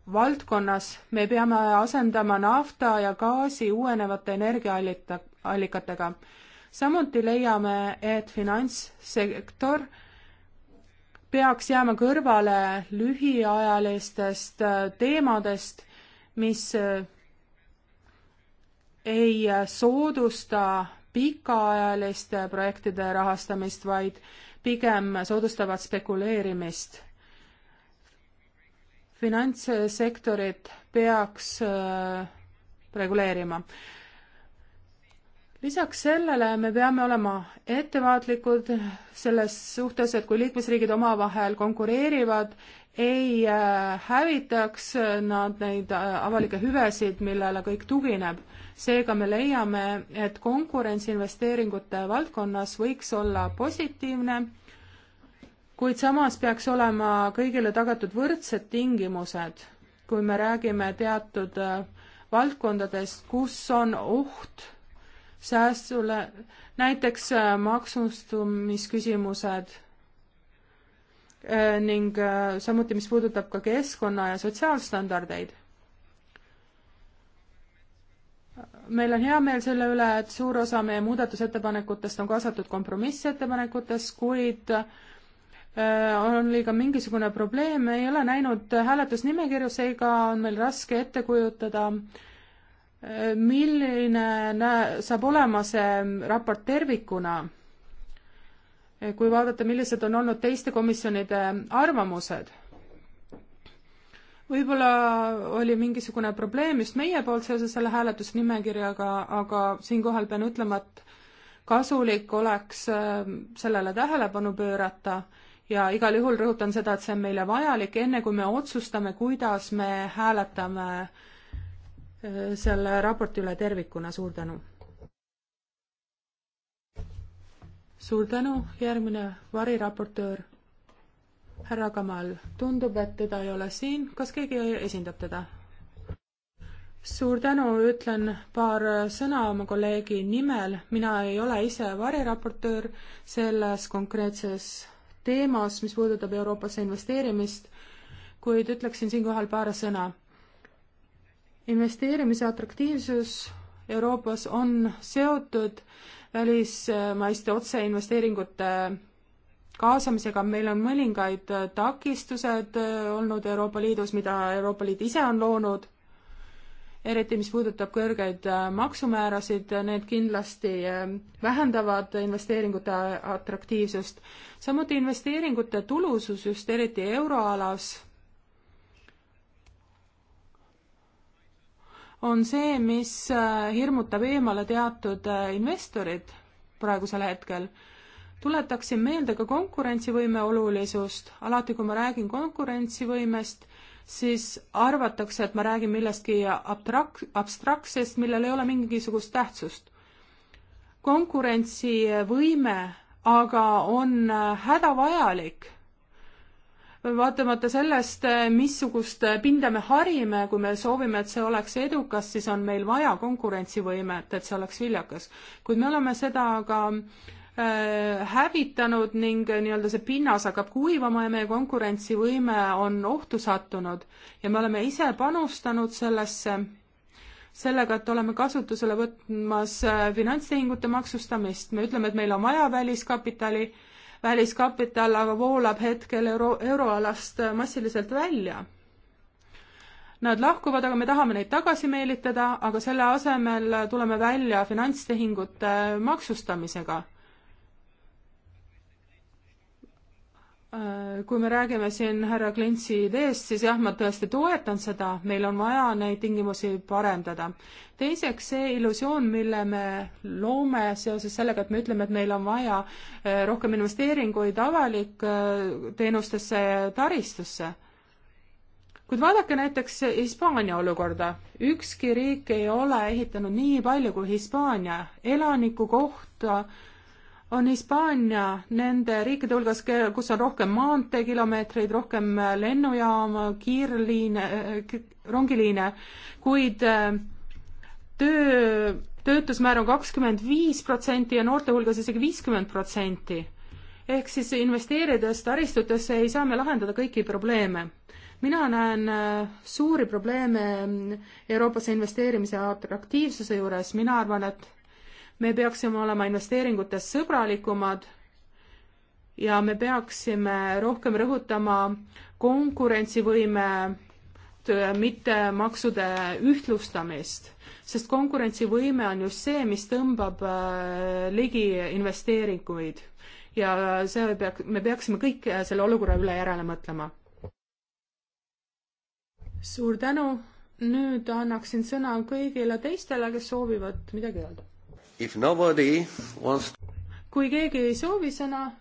valdkonnas, me peame asendama nafta ja gaasi uuenevate energiaallikatega samuti leiame, et finantssektor peaks jääma kõrvale lühiajalistest äh, teemadest, mis äh, ei soodusta pikaajaliste projektide rahastamist, vaid pigem soodustavad spekuleerimist. finantssektorit peaks äh, reguleerima lisaks sellele me peame olema ettevaatlikud selles suhtes, et kui liikmesriigid omavahel konkureerivad, ei äh, hävitaks nad neid äh, avalikke hüvesid, millele kõik tugineb. seega me leiame, et konkurents investeeringute valdkonnas võiks olla positiivne, kuid samas peaks olema kõigile tagatud võrdsed tingimused, kui me räägime teatud äh, valdkondadest, kus on oht säästule, näiteks äh, maksustumisküsimused äh, ning äh, samuti, mis puudutab ka keskkonna ja sotsiaalstandardeid. meil on hea meel selle üle, et suur osa meie muudatusettepanekutest on kaasatud kompromissettepanekutes, kuid on liiga mingisugune probleem, ei ole näinud hääletusnimekirjus, seega on meil raske ette kujutada äh, milline näe-, saab olema see raport tervikuna? kui vaadata, millised on olnud teiste komisjonide arvamused võib-olla oli mingisugune probleem just meie poolt seoses selle hääletusnimekirjaga, aga siinkohal pean ütlema, et kasulik oleks ähm, sellele tähelepanu pöörata ja igal juhul rõhutan seda, et see on meile vajalik, enne kui me otsustame, kuidas me hääletame selle raporti üle tervikuna, suur tänu! suur tänu, järgmine variraportöör, härra Kamal. tundub, et teda ei ole siin, kas keegi esindab teda? suur tänu, ütlen paar sõna oma kolleegi nimel, mina ei ole ise variraportöör selles konkreetses teemas, mis puudutab Euroopasse investeerimist, kuid ütleksin siinkohal paar sõna investeerimise atraktiivsus Euroopas on seotud välismaiste otseinvesteeringute kaasamisega, meil on mõningaid takistused olnud Euroopa Liidus, mida Euroopa Liit ise on loonud, eriti mis puudutab kõrgeid maksumäärasid, need kindlasti vähendavad investeeringute atraktiivsust. samuti investeeringute tulusus just eriti euroalas on see, mis äh, hirmutab eemale teatud äh, investorid praegusel hetkel. tuletaksin meelde ka konkurentsivõime olulisust, alati kui ma räägin konkurentsivõimest, siis arvatakse, et ma räägin millestki abstrak-, abstraktsest, millel ei ole mingisugust tähtsust. konkurentsivõime aga on äh, hädavajalik vaatamata sellest, eh, missugust eh, pinda me harime, kui me soovime, et see oleks edukas, siis on meil vaja konkurentsivõimet, et see oleks viljakas. kuid me oleme seda ka äh, hävitanud ning nii-öelda see pinnas hakkab kuivama ja meie konkurentsivõime on ohtu sattunud ja me oleme ise panustanud sellesse sellega, et oleme kasutusele võtmas finantstehingute maksustamist, me ütleme, et meil on vaja väliskapitali äh,, väliskapital aga voolab hetkel euro, euroalast massiliselt välja. Nad lahkuvad, aga me tahame neid tagasi meelitada, aga selle asemel tuleme välja finantstehingute maksustamisega Äh, kui me räägime siin härra Klintsi ideest, siis jah, ma tõesti toetan seda, meil on vaja neid tingimusi parendada. teiseks, see illusioon, mille me loome seoses sellega, et me ütleme, et meil on vaja äh, rohkem investeeringuid avalikteenustesse äh, ja taristusse. kuid vaadake näiteks Hispaania olukorda. ükski riik ei ole ehitanud nii palju kui Hispaania elaniku kohta äh, on Hispaania nende riikide hulgas, kus on rohkem maanteekilomeetreid, rohkem lennujaama, kiirliine, rongiliine, kuid äh, töö, töötusmäär on kakskümmend viis protsenti ja noorte hulgas isegi viiskümmend protsenti. ehk siis investeerides taristutesse ei saa me lahendada kõiki probleeme. mina näen äh, suuri probleeme Euroopasse investeerimise atraktiivsuse juures, mina arvan, et me peaksime olema investeeringutes sõbralikumad ja me peaksime rohkem rõhutama konkurentsivõime mitte maksude ühtlustamist, sest konkurentsivõime on just see, mis tõmbab äh, ligi investeeringuid ja äh, see peaks, me peaksime kõik äh, selle olukorra üle järele mõtlema. suur tänu, nüüd annaksin sõna kõigile teistele, kes soovivad midagi öelda wants... kui keegi ei soovi sõna,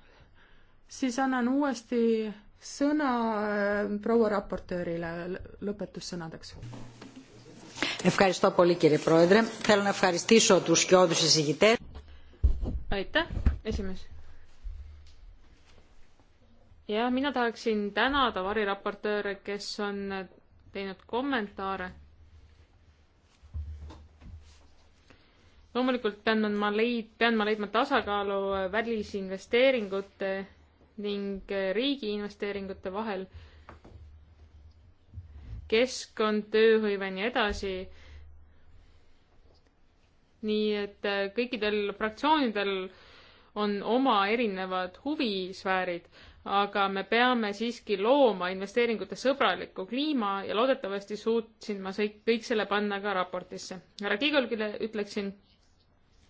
siis annan uuesti sõna äh, proua raportöörile lõpetussõnadeks. aitäh, esimees. ja mina tahaksin tänada variraportööre, kes on teinud kommentaare loomulikult pean ma leid-, pean ma leidma tasakaalu äh, välisinvesteeringute ning äh, riigi investeeringute vahel. keskkond, tööhõive, nii edasi. nii et äh, kõikidel fraktsioonidel on oma erinevad huvisfäärid, aga me peame siiski looma investeeringute sõbraliku kliima ja loodetavasti suutsin ma kõik selle panna ka raportisse. härra Kiigolgile ütleksin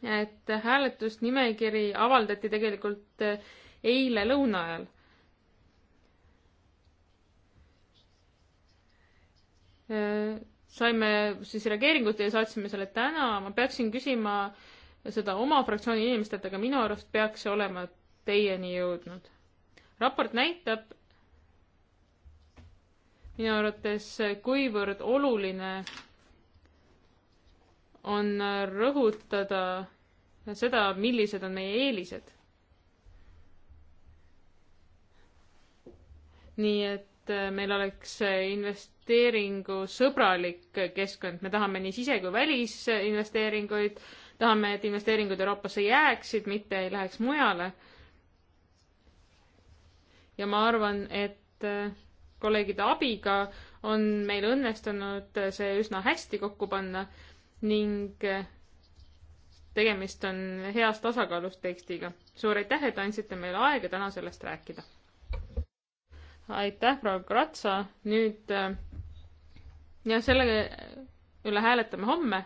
et hääletusnimekiri avaldati tegelikult eh, eile lõuna ajal. Eh, saime siis reageeringute ja saatsime selle täna, ma peaksin küsima seda oma fraktsiooni inimestelt, aga minu arust peaks see olema teieni jõudnud. raport näitab minu arvates, kuivõrd oluline on rõhutada seda, millised on meie eelised. nii et äh, meil oleks äh, investeeringusõbralik keskkond, me tahame nii sise- kui välisinvesteeringuid, tahame, et investeeringud Euroopasse jääksid, mitte ei läheks mujale. ja ma arvan, et äh, kolleegide abiga on meil õnnestunud see üsna hästi kokku panna ning eh, tegemist on heas tasakaalus tekstiga. suur aitäh, et andsite meile aega täna sellest rääkida. aitäh, proua Kratsa, nüüd eh, ja selle üle hääletame homme.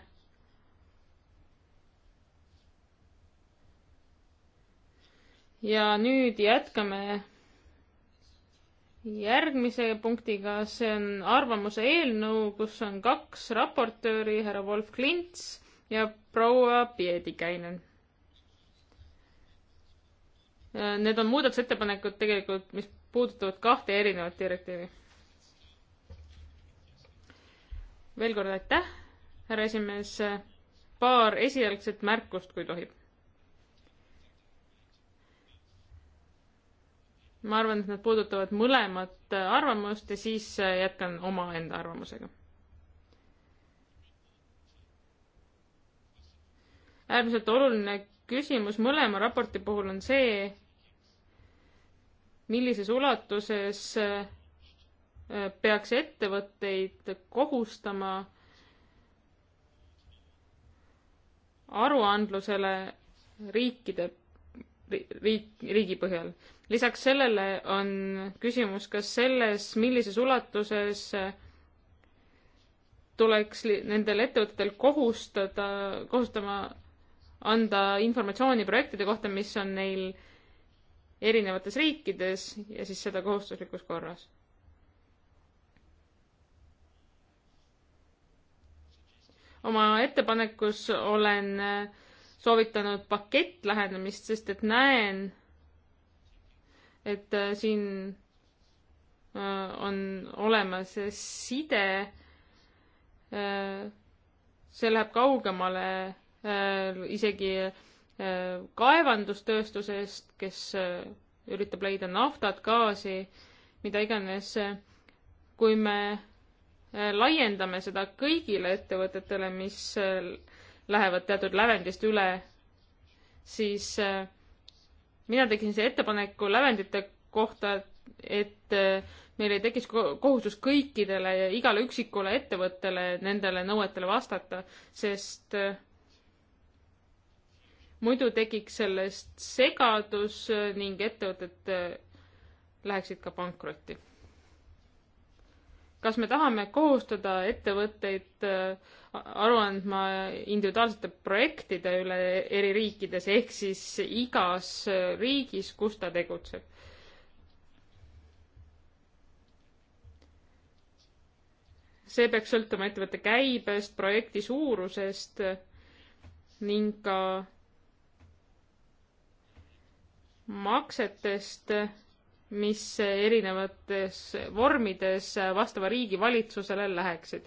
ja nüüd jätkame järgmise punktiga, see on arvamuse eelnõu, kus on kaks raportööri, härra Wolf Klints ja proua Piedikäinen. Need on muudatusettepanekud tegelikult, mis puudutavad kahte erinevat direktiivi. veel kord aitäh, härra esimees, paar esialgset märkust, kui tohib ma arvan, et nad puudutavad mõlemat äh, arvamust ja siis äh, jätkan omaenda arvamusega. äärmiselt oluline küsimus mõlema raporti puhul on see, millises ulatuses äh, peaks ettevõtteid kohustama aruandlusele riikide, riik, riigi põhjal lisaks sellele on küsimus ka selles, millises ulatuses tuleks nendel ettevõtetel kohustada, kohustama anda informatsiooni projektide kohta, mis on neil erinevates riikides ja siis seda kohustuslikus korras. oma ettepanekus olen soovitanud pakettlähenemist, sest et näen, et äh, siin äh, on olemas side, äh, see läheb kaugemale isegi kaevandustööstusest, kes üritab leida naftat, gaasi, mida iganes. kui me laiendame seda kõigile ettevõtetele, mis lähevad teatud lävendist üle, siis äh, mina tegin see ettepaneku lävendite kohta, et äh, meil ei tekiks kohustus kõikidele ja igale üksikule ettevõttele nendele nõuetele vastata, sest äh, muidu tekiks sellest segadus äh, ning ettevõtted läheksid ka pankrotti kas me tahame kohustada ettevõtteid äh, aru andma individuaalsete projektide üle eri riikides, ehk siis igas äh, riigis, kus ta tegutseb? see peaks sõltuma ettevõtte käibest, projekti suurusest äh, ning ka maksetest mis erinevates vormides vastava riigi valitsusele läheksid.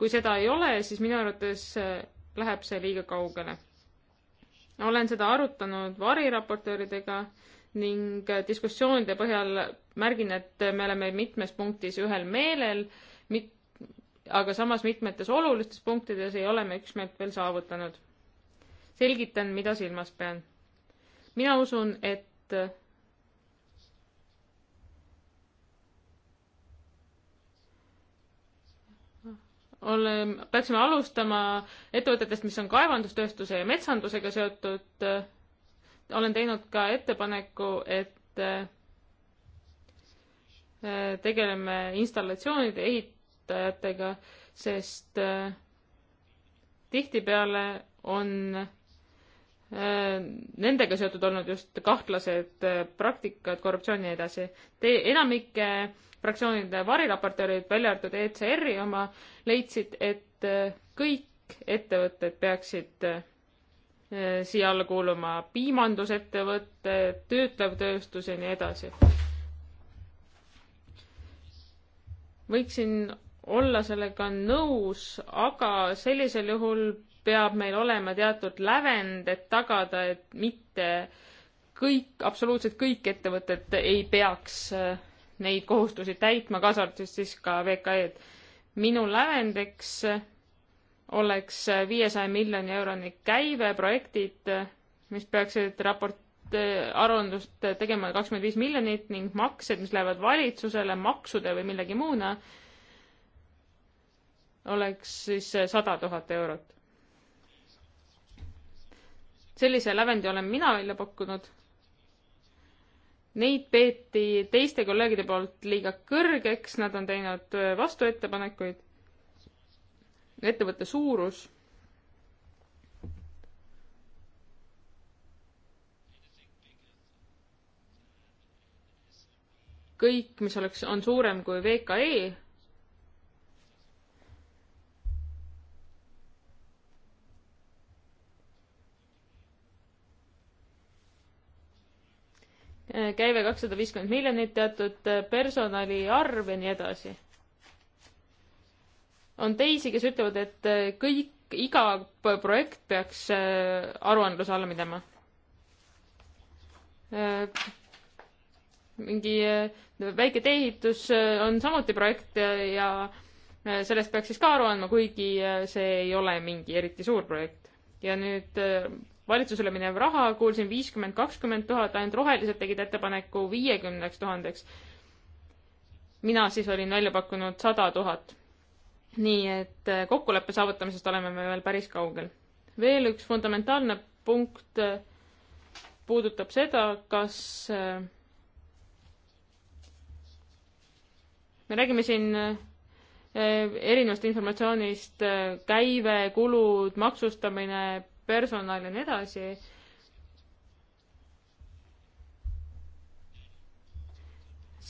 kui seda ei ole, siis minu arvates läheb see liiga kaugele. olen seda arutanud variraportööridega ning diskussioonide põhjal märgin, et me oleme mitmes punktis ühel meelel, mit-, aga samas mitmetes olulistes punktides ei ole me üksmeelt veel saavutanud. selgitan, mida silmas pean. mina usun, et oleme, peaksime alustama ettevõtetest, mis on kaevandustööstuse ja metsandusega seotud. olen teinud ka ettepaneku, et eh, tegeleme installatsioonide ehitajatega, sest eh, tihtipeale on Äh, nendega seotud olnud just kahtlased äh, praktikad, korruptsioon ja nii edasi. Teie enamike fraktsioonide variraportöörid, välja arvatud ECR-i oma, leidsid, et äh, kõik ettevõtted peaksid siia alla kuuluma, piimandusettevõte, töötlev tööstus ja nii edasi. võiksin olla sellega nõus, aga sellisel juhul peab meil olema teatud lävend, et tagada, et mitte kõik, absoluutselt kõik ettevõtted ei peaks äh, neid kohustusi täitma, kaasa arvatud siis ka VKE-d. minu lävendiks äh, oleks äh, viiesaja miljoni euroni käive, projektid, mis peaksid raport, aruandlust tegema kakskümmend viis miljonit ning maksed, mis lähevad valitsusele maksude või millegi muuna, oleks siis sada tuhat eurot sellise lävendi olen mina välja pakkunud. Neid peeti teiste kolleegide poolt liiga kõrgeks, nad on teinud äh, vastuettepanekuid. ettevõtte suurus. kõik, mis oleks, on suurem kui VKE käive kakssada viiskümmend miljonit, teatud personali arv ja nii edasi. on teisi, kes ütlevad, et kõik, iga projekt peaks äh, aruandluse alla minema. Äh, mingi äh, väike tee-ehitus on samuti projekt ja sellest peaks siis ka aru andma, kuigi see ei ole mingi eriti suur projekt. ja nüüd valitsusele minev raha, kuulsin viiskümmend, kakskümmend tuhat, ainult rohelised tegid ettepaneku viiekümneks tuhandeks. mina siis olin välja pakkunud sada tuhat. nii et eh, kokkuleppe saavutamisest oleme me veel päris kaugel. veel üks fundamentaalne punkt eh, puudutab seda, kas eh, me räägime siin erinevast informatsioonist, käive, kulud, maksustamine, personal ja nii edasi.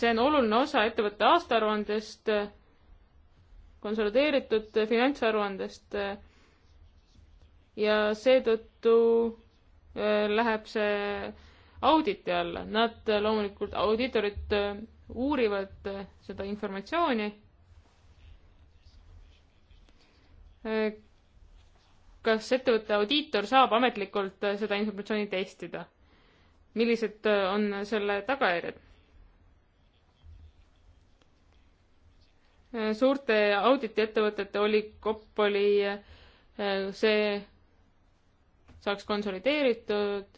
see on oluline osa ettevõtte aastaaruandest, konsolideeritud finantsaruandest ja seetõttu äh, läheb see auditi alla. Nad loomulikult, audiitorid äh, uurivad äh, seda informatsiooni kas ettevõtte audiitor saab ametlikult äh, seda informatsiooni testida? millised äh, on selle tagajärjed? Äh, suurte auditiettevõtete olikop oli see, saaks konsolideeritud.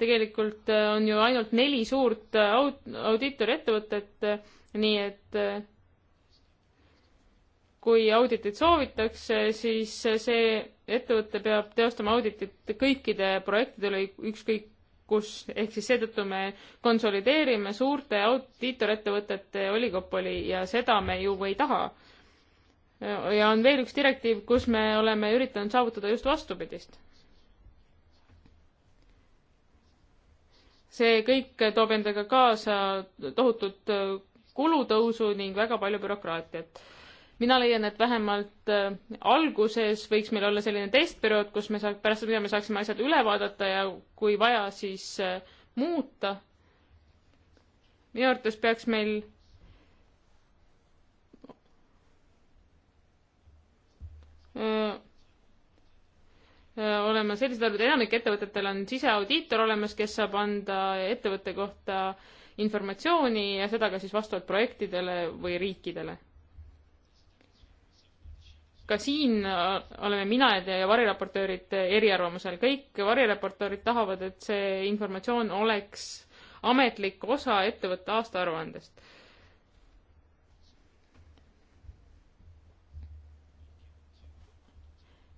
tegelikult on ju ainult neli suurt aud-, audiitoriettevõtet, nii et kui auditit soovitakse, siis see ettevõte peab teostama auditit kõikide projektide üle, ükskõik kus, ehk siis seetõttu me konsolideerime suurte audiitorettevõtete oligopoli ja seda me ju ei taha. ja on veel üks direktiiv, kus me oleme üritanud saavutada just vastupidist see kõik toob endaga kaasa tohutut kulutõusu ning väga palju bürokraatiat mina leian, et vähemalt äh, alguses võiks meil olla selline testperiood, kus me saaks, pärast mida me saaksime asjad üle vaadata ja kui vaja, siis äh, muuta. minu arvates peaks meil äh, olema sellised arvud, enamik ettevõtetel on siseaudiitor olemas, kes saab anda ettevõtte kohta informatsiooni ja seda ka siis vastavalt projektidele või riikidele ka siin äh, oleme mina ja variraportöörid eriarvamusel. kõik variraportöörid tahavad, et see informatsioon oleks ametlik osa ettevõtte aastaaruandest.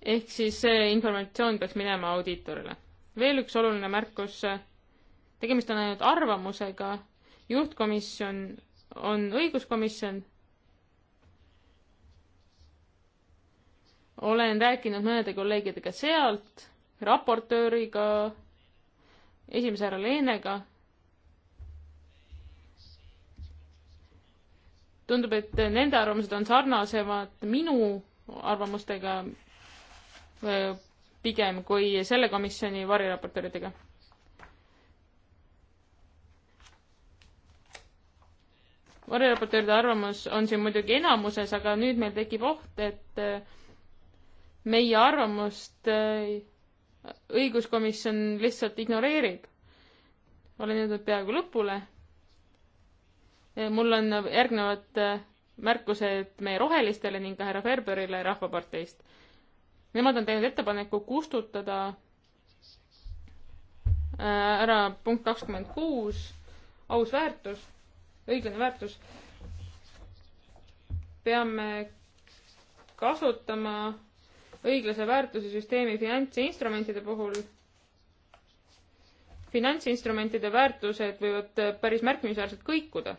ehk siis see informatsioon peaks minema auditorile. veel üks oluline märkus. tegemist on ainult arvamusega. juhtkomisjon on õiguskomisjon olen rääkinud mõnede kolleegidega sealt, raportööriga, esimese härra Leenega. tundub, et nende arvamused on sarnasemad minu arvamustega pigem kui selle komisjoni variraportööridega. variraportööride arvamus on siin muidugi enamuses, aga nüüd meil tekib oht, et meie arvamust äh, õiguskomisjon lihtsalt ignoreerib. olen jõudnud peaaegu lõpule. Äh, mul on järgnevad äh, märkused meie rohelistele ning ka härra Ferberile Rahvaparteist. Nemad on teinud ettepaneku kustutada ära punkt kakskümmend kuus, aus väärtus, õiglane väärtus. peame kasutama õiglase väärtusesüsteemi finantsinstrumentide puhul finantsinstrumentide väärtused võivad päris märkimisväärselt kõikuda.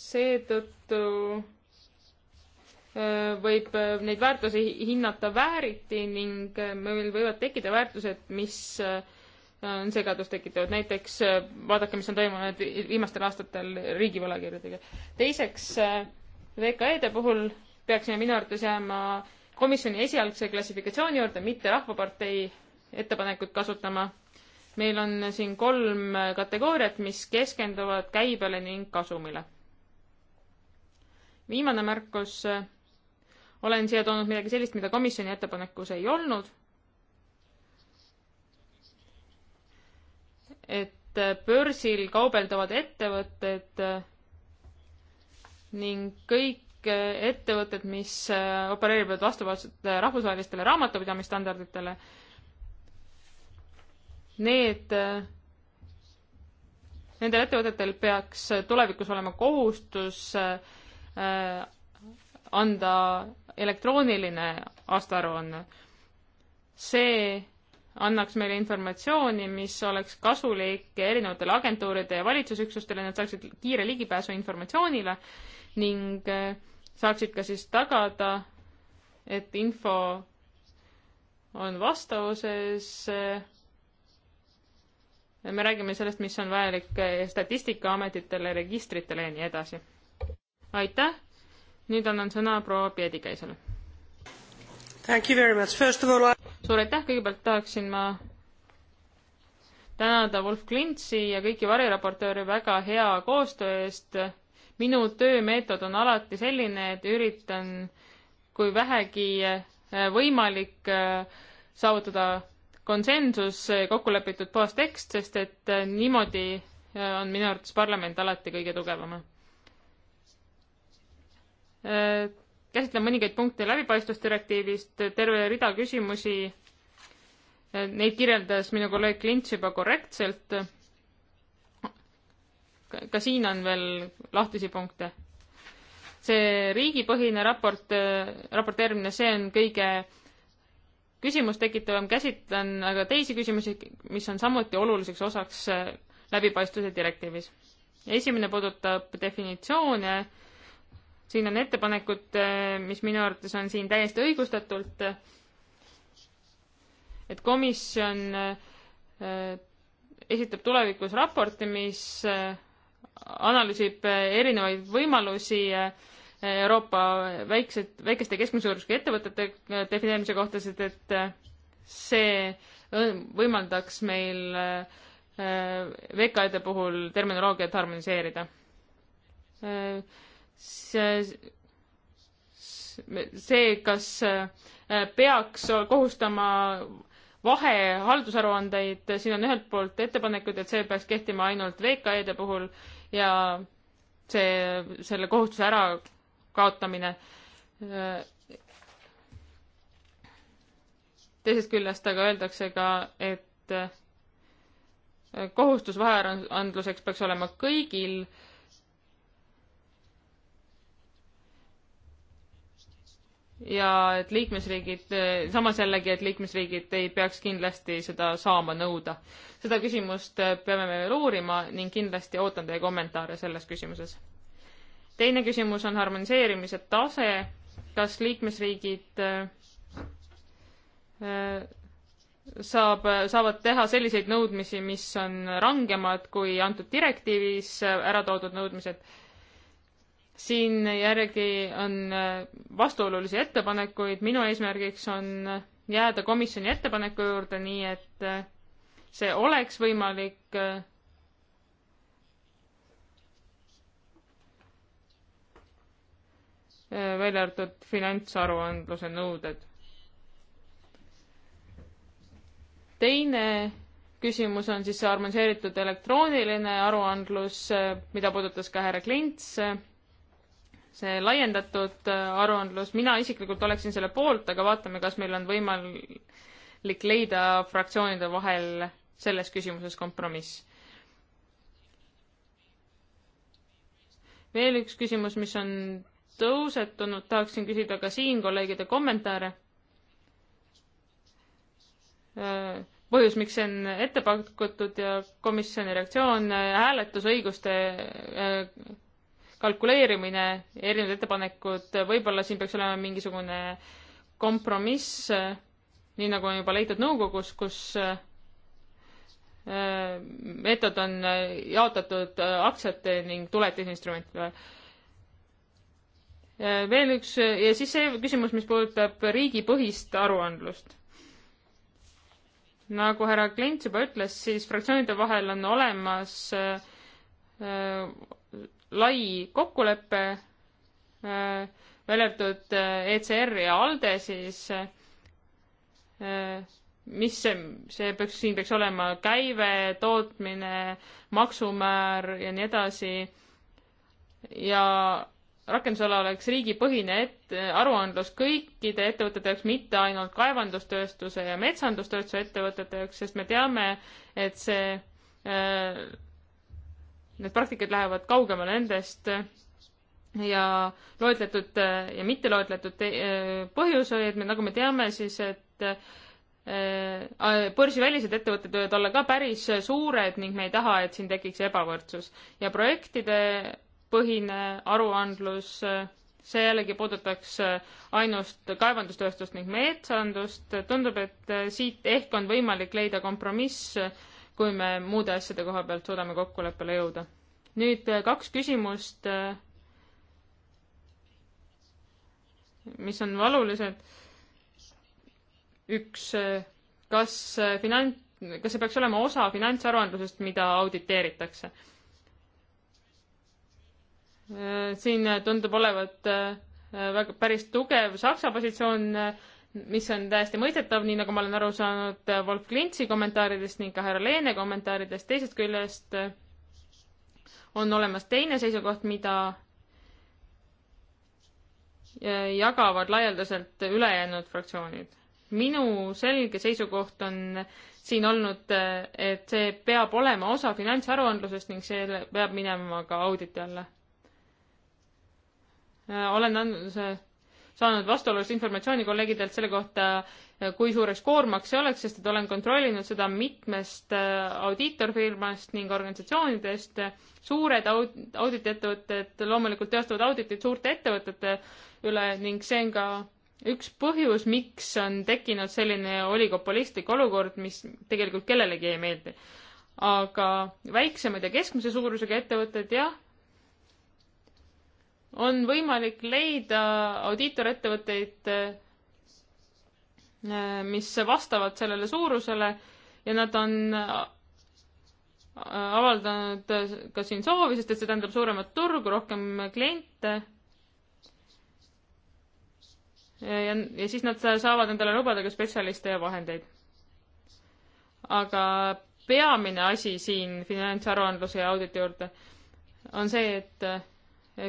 seetõttu äh, võib äh, neid väärtusi hinnata vääriti ning äh, meil võivad tekkida väärtused, mis on segadust tekitavad, näiteks vaadake, mis on toimunud viimastel aastatel riigivõlakirjadega. teiseks, VKE-de puhul peaksime minu arvates jääma komisjoni esialgse klassifikatsiooni juurde, mitte Rahvapartei ettepanekut kasutama. meil on siin kolm kategooriat, mis keskenduvad käibele ning kasumile. viimane märkus. olen siia toonud midagi sellist, mida komisjoni ettepanekus ei olnud. et börsil kaubeldavad ettevõtted ning kõik Eh, ettevõtted, mis eh, opereerivad vastavalt eh, rahvusvahelistele raamatupidamisstandarditele, need, nendel ettevõtetel peaks tulevikus olema kohustus anda elektrooniline aastaaruanne. see annaks meile informatsiooni, mis oleks kasulik erinevatele agentuuride ja valitsusüksustele, nad saaksid kiire ligipääsu informatsioonile ning äh, saaksid ka siis tagada, et info on vastavuses. me räägime sellest, mis on vajalik statistikaametitele, registritele ja nii edasi. aitäh, nüüd annan sõna proua Piedikäisele. All... suur aitäh, kõigepealt tahaksin ma tänada Wolf Klintsi ja kõiki variraportööre väga hea koostöö eest minu töömeetod on alati selline, et üritan kui vähegi eh, võimalik eh, saavutada konsensus, eh, kokkulepitud baastekst, sest et niimoodi on minu arvates parlament alati kõige tugevam. käsitlen mõningaid punkte läbipaistvusdirektiivist, terve rida küsimusi, neid kirjeldas minu kolleeg Klints juba korrektselt ka siin on veel lahtisi punkte. see riigipõhine raport, äh, raporteerimine, see on kõige küsimust tekitavam, käsitlen aga teisi küsimusi, mis on samuti oluliseks osaks äh, läbipaistvuse direktiivis. esimene puudutab definitsioone, siin on ettepanekud, äh, mis minu arvates on siin täiesti õigustatult, et komisjon esitab tulevikus raporti, mis analüüsib äh, erinevaid võimalusi äh, Euroopa väiksed, väikeste keskmise suurusega ettevõtete äh, defineerimise kohta, sest et see võimaldaks meil VKE-de puhul terminoloogiat harmoniseerida. see, see, kas peaks kohustama vahe haldusaruandeid, siin on ühelt poolt ettepanekud, et see peaks kehtima ainult VKE-de puhul ja see, selle kohustuse ärakaotamine. teisest küljest aga öeldakse ka, et kohustus vaheandluseks peaks olema kõigil äh, ja et liikmesriigid, samas jällegi, et liikmesriigid ei peaks kindlasti seda saama nõuda. seda küsimust peame me veel uurima ning kindlasti ootan teie kommentaare selles küsimuses. teine küsimus on harmoniseerimise tase, kas liikmesriigid äh, saab, saavad teha selliseid nõudmisi, mis on rangemad kui antud direktiivis ära toodud nõudmised siin järgi on äh, vastuolulisi ettepanekuid, minu eesmärgiks on äh, jääda komisjoni ettepaneku juurde, nii et äh, see oleks võimalik. välja arvatud finantsaruandluse nõuded. teine küsimus on siis see harmoniseeritud elektrooniline aruandlus, mida puudutas ka härra Klints see laiendatud äh, aruandlus, mina isiklikult oleksin selle poolt, aga vaatame, kas meil on võimalik leida fraktsioonide vahel selles küsimuses kompromiss. veel üks küsimus, mis on tõusetunud, tahaksin küsida ka siin kolleegide kommentaare. Äh, põhjus, miks see on ette pakutud ja komisjoni reaktsioon äh, hääletusõiguste kalkuleerimine, erinevad ettepanekud, võib-olla siin peaks olema mingisugune kompromiss, nii nagu on juba leitud nõukogus, kus äh, meetod on äh, jaotatud äh, aktsiate ning tuletisinstrumentidele. veel üks ja siis see küsimus, mis puudutab riigipõhist aruandlust nagu härra Klints juba ütles, siis fraktsioonide vahel on olemas lai kokkulepe, äh, välja arvatud äh, ECR ja ALDE, siis äh, mis see, see peaks, siin peaks olema käive, tootmine, maksumäär ja nii edasi. ja rakendusala oleks riigipõhine et-, aruandlus kõikide ettevõtete jaoks, mitte ainult kaevandustööstuse ja metsandustööstuse ettevõtete jaoks, sest me teame, et see äh, need praktikad lähevad kaugemale nendest ja loetletud ja mitte loetletud põhjus oli, et me, nagu me teame, siis et äh, börsivälised ettevõtted võivad olla ka päris suured ning me ei taha, et siin tekiks ebavõrdsus. ja projektide põhine aruandlus, see jällegi puudutaks ainust kaevandustööstust ning metsandust. tundub, et siit ehk on võimalik leida kompromiss kui me muude asjade koha pealt suudame kokkuleppele jõuda. nüüd äh, kaks küsimust, äh, mis on valulised. üks, äh, kas finant, kas see peaks olema osa finantsaruandlusest, mida auditeeritakse? siin tundub olevat väga päris tugev Saksa positsioon mis on täiesti mõistetav, nii nagu ma olen aru saanud äh, Wolf Klintsi kommentaaridest ning ka härra Leene kommentaaridest, teisest küljest äh, on olemas teine seisukoht, mida äh, jagavad laialdaselt ülejäänud fraktsioonid. minu selge seisukoht on siin olnud, et see peab olema osa finantsaruandlusest ning see peab minema ka auditi alla. olen andnud saanud vastuolulist informatsiooni kolleegidelt selle kohta, kui suureks koormaks see oleks, sest et olen kontrollinud seda mitmest äh, audiitorfirmast ning organisatsioonidest. suured aud-, auditiettevõtted loomulikult teostavad auditit suurte ettevõtete üle ning see on ka üks põhjus, miks on tekkinud selline oligopolistlik olukord, mis tegelikult kellelegi ei meeldi. aga väiksemad ja keskmise suurusega ettevõtted, jah on võimalik leida audiitorettevõtteid, äh, mis vastavad sellele suurusele ja nad on äh, avaldanud ka siin soovi, sest et see tähendab suuremat turgu, rohkem kliente. ja, ja siis nad saavad endale lubada ka spetsialiste ja vahendeid. aga peamine asi siin finantsaruandluse ja auditi juurde on see, et äh,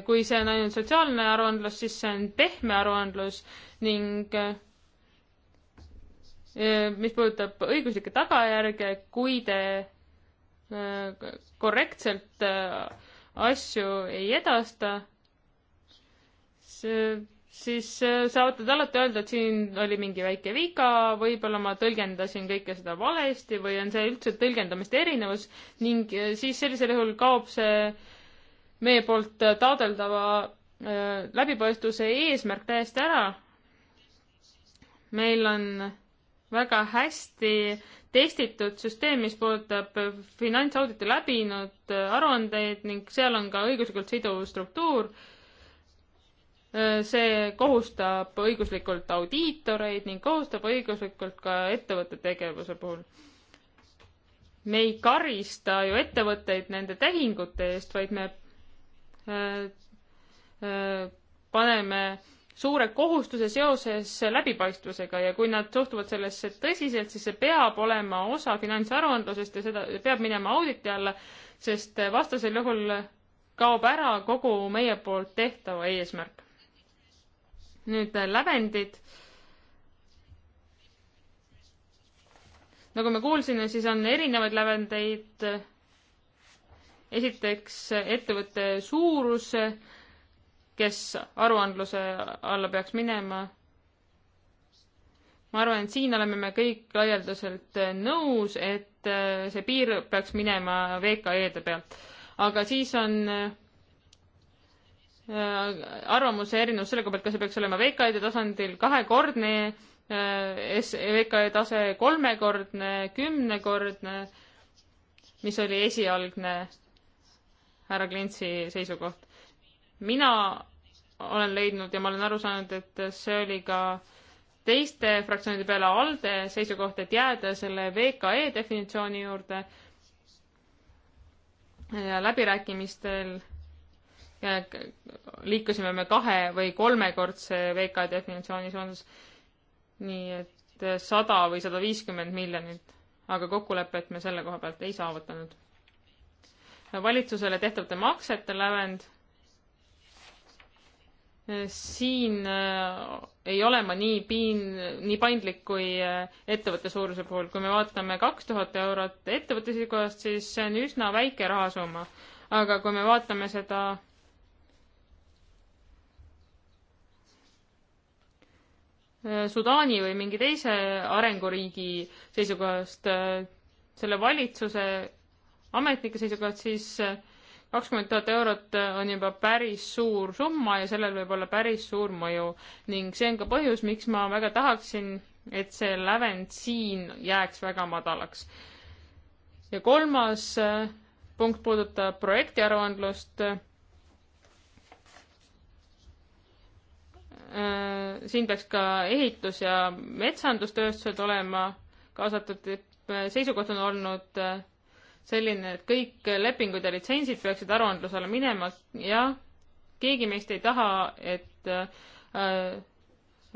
kui see on ainult sotsiaalne aruandlus, siis see on pehme aruandlus ning e, mis puudutab õiguslikke tagajärge, kui te e, korrektselt e, asju ei edasta, siis saavad nad alati öelda, et siin oli mingi väike viga, võib-olla ma tõlgendasin kõike seda valesti või on see üldse tõlgendamiste erinevus ning siis sellisel juhul kaob see äh, meie poolt taodeldava äh, läbipaistvuse eesmärk täiesti ära. meil on väga hästi testitud süsteem, mis puudutab finantsauditi läbinud äh, aruandeid ning seal on ka õiguslikult siduv struktuur. Äh, see kohustab õiguslikult audiitoreid ning kohustab õiguslikult ka ettevõtte tegevuse puhul. me ei karista ju ettevõtteid nende tehingute eest, vaid me Äh, äh, paneme suure kohustuse seoses läbipaistvusega ja kui nad suhtuvad sellesse tõsiselt, siis see peab olema osa finantsaruandlusest ja seda peab minema auditi alla, sest vastasel juhul kaob ära kogu meie poolt tehtava eesmärk. nüüd äh, lävendid. nagu me kuulsime, siis on erinevaid lävendeid esiteks ettevõtte suurus, kes aruandluse alla peaks minema. ma arvan, et siin oleme me kõik laialdaselt nõus, et äh, see piir peaks minema VKE-de pealt. aga siis on äh, arvamuse erinevus selle koha pealt, kas see peaks olema VKE-de tasandil kahekordne äh, VKE tase, kolmekordne, kümnekordne, mis oli esialgne härra Klintsi seisukoht. mina olen leidnud ja ma olen aru saanud, et see oli ka teiste fraktsioonide peale ALDE seisukoht, et jääda selle VKE definitsiooni juurde ja läbirääkimistel ja liikusime me kahe või kolmekordse VK e definitsiooni suunas. nii et sada või sada viiskümmend miljonit, aga kokkulepet me selle koha pealt ei saavutanud valitsusele tehtavate maksete lävend. siin äh, ei ole ma nii piin-, nii paindlik kui äh, ettevõtte suuruse puhul. kui me vaatame kaks tuhat eurot ettevõtte isikuajast, siis see on üsna väike rahasumma. aga kui me vaatame seda äh, Sudaani või mingi teise arenguriigi seisukohast, selle valitsuse ametnike seisukohalt, siis äh, kakskümmend tuhat eurot äh, on juba päris suur summa ja sellel võib olla päris suur mõju ning see on ka põhjus, miks ma väga tahaksin, et see lävend siin jääks väga madalaks. ja kolmas äh, punkt puudutab projektiaruandlust. siin peaks ka ehitus- ja metsandustööstused olema kaasatud, seisukoht on olnud selline, et kõik lepingud ja litsentsid peaksid aruandlusele minema ja keegi meist ei taha, et äh, äh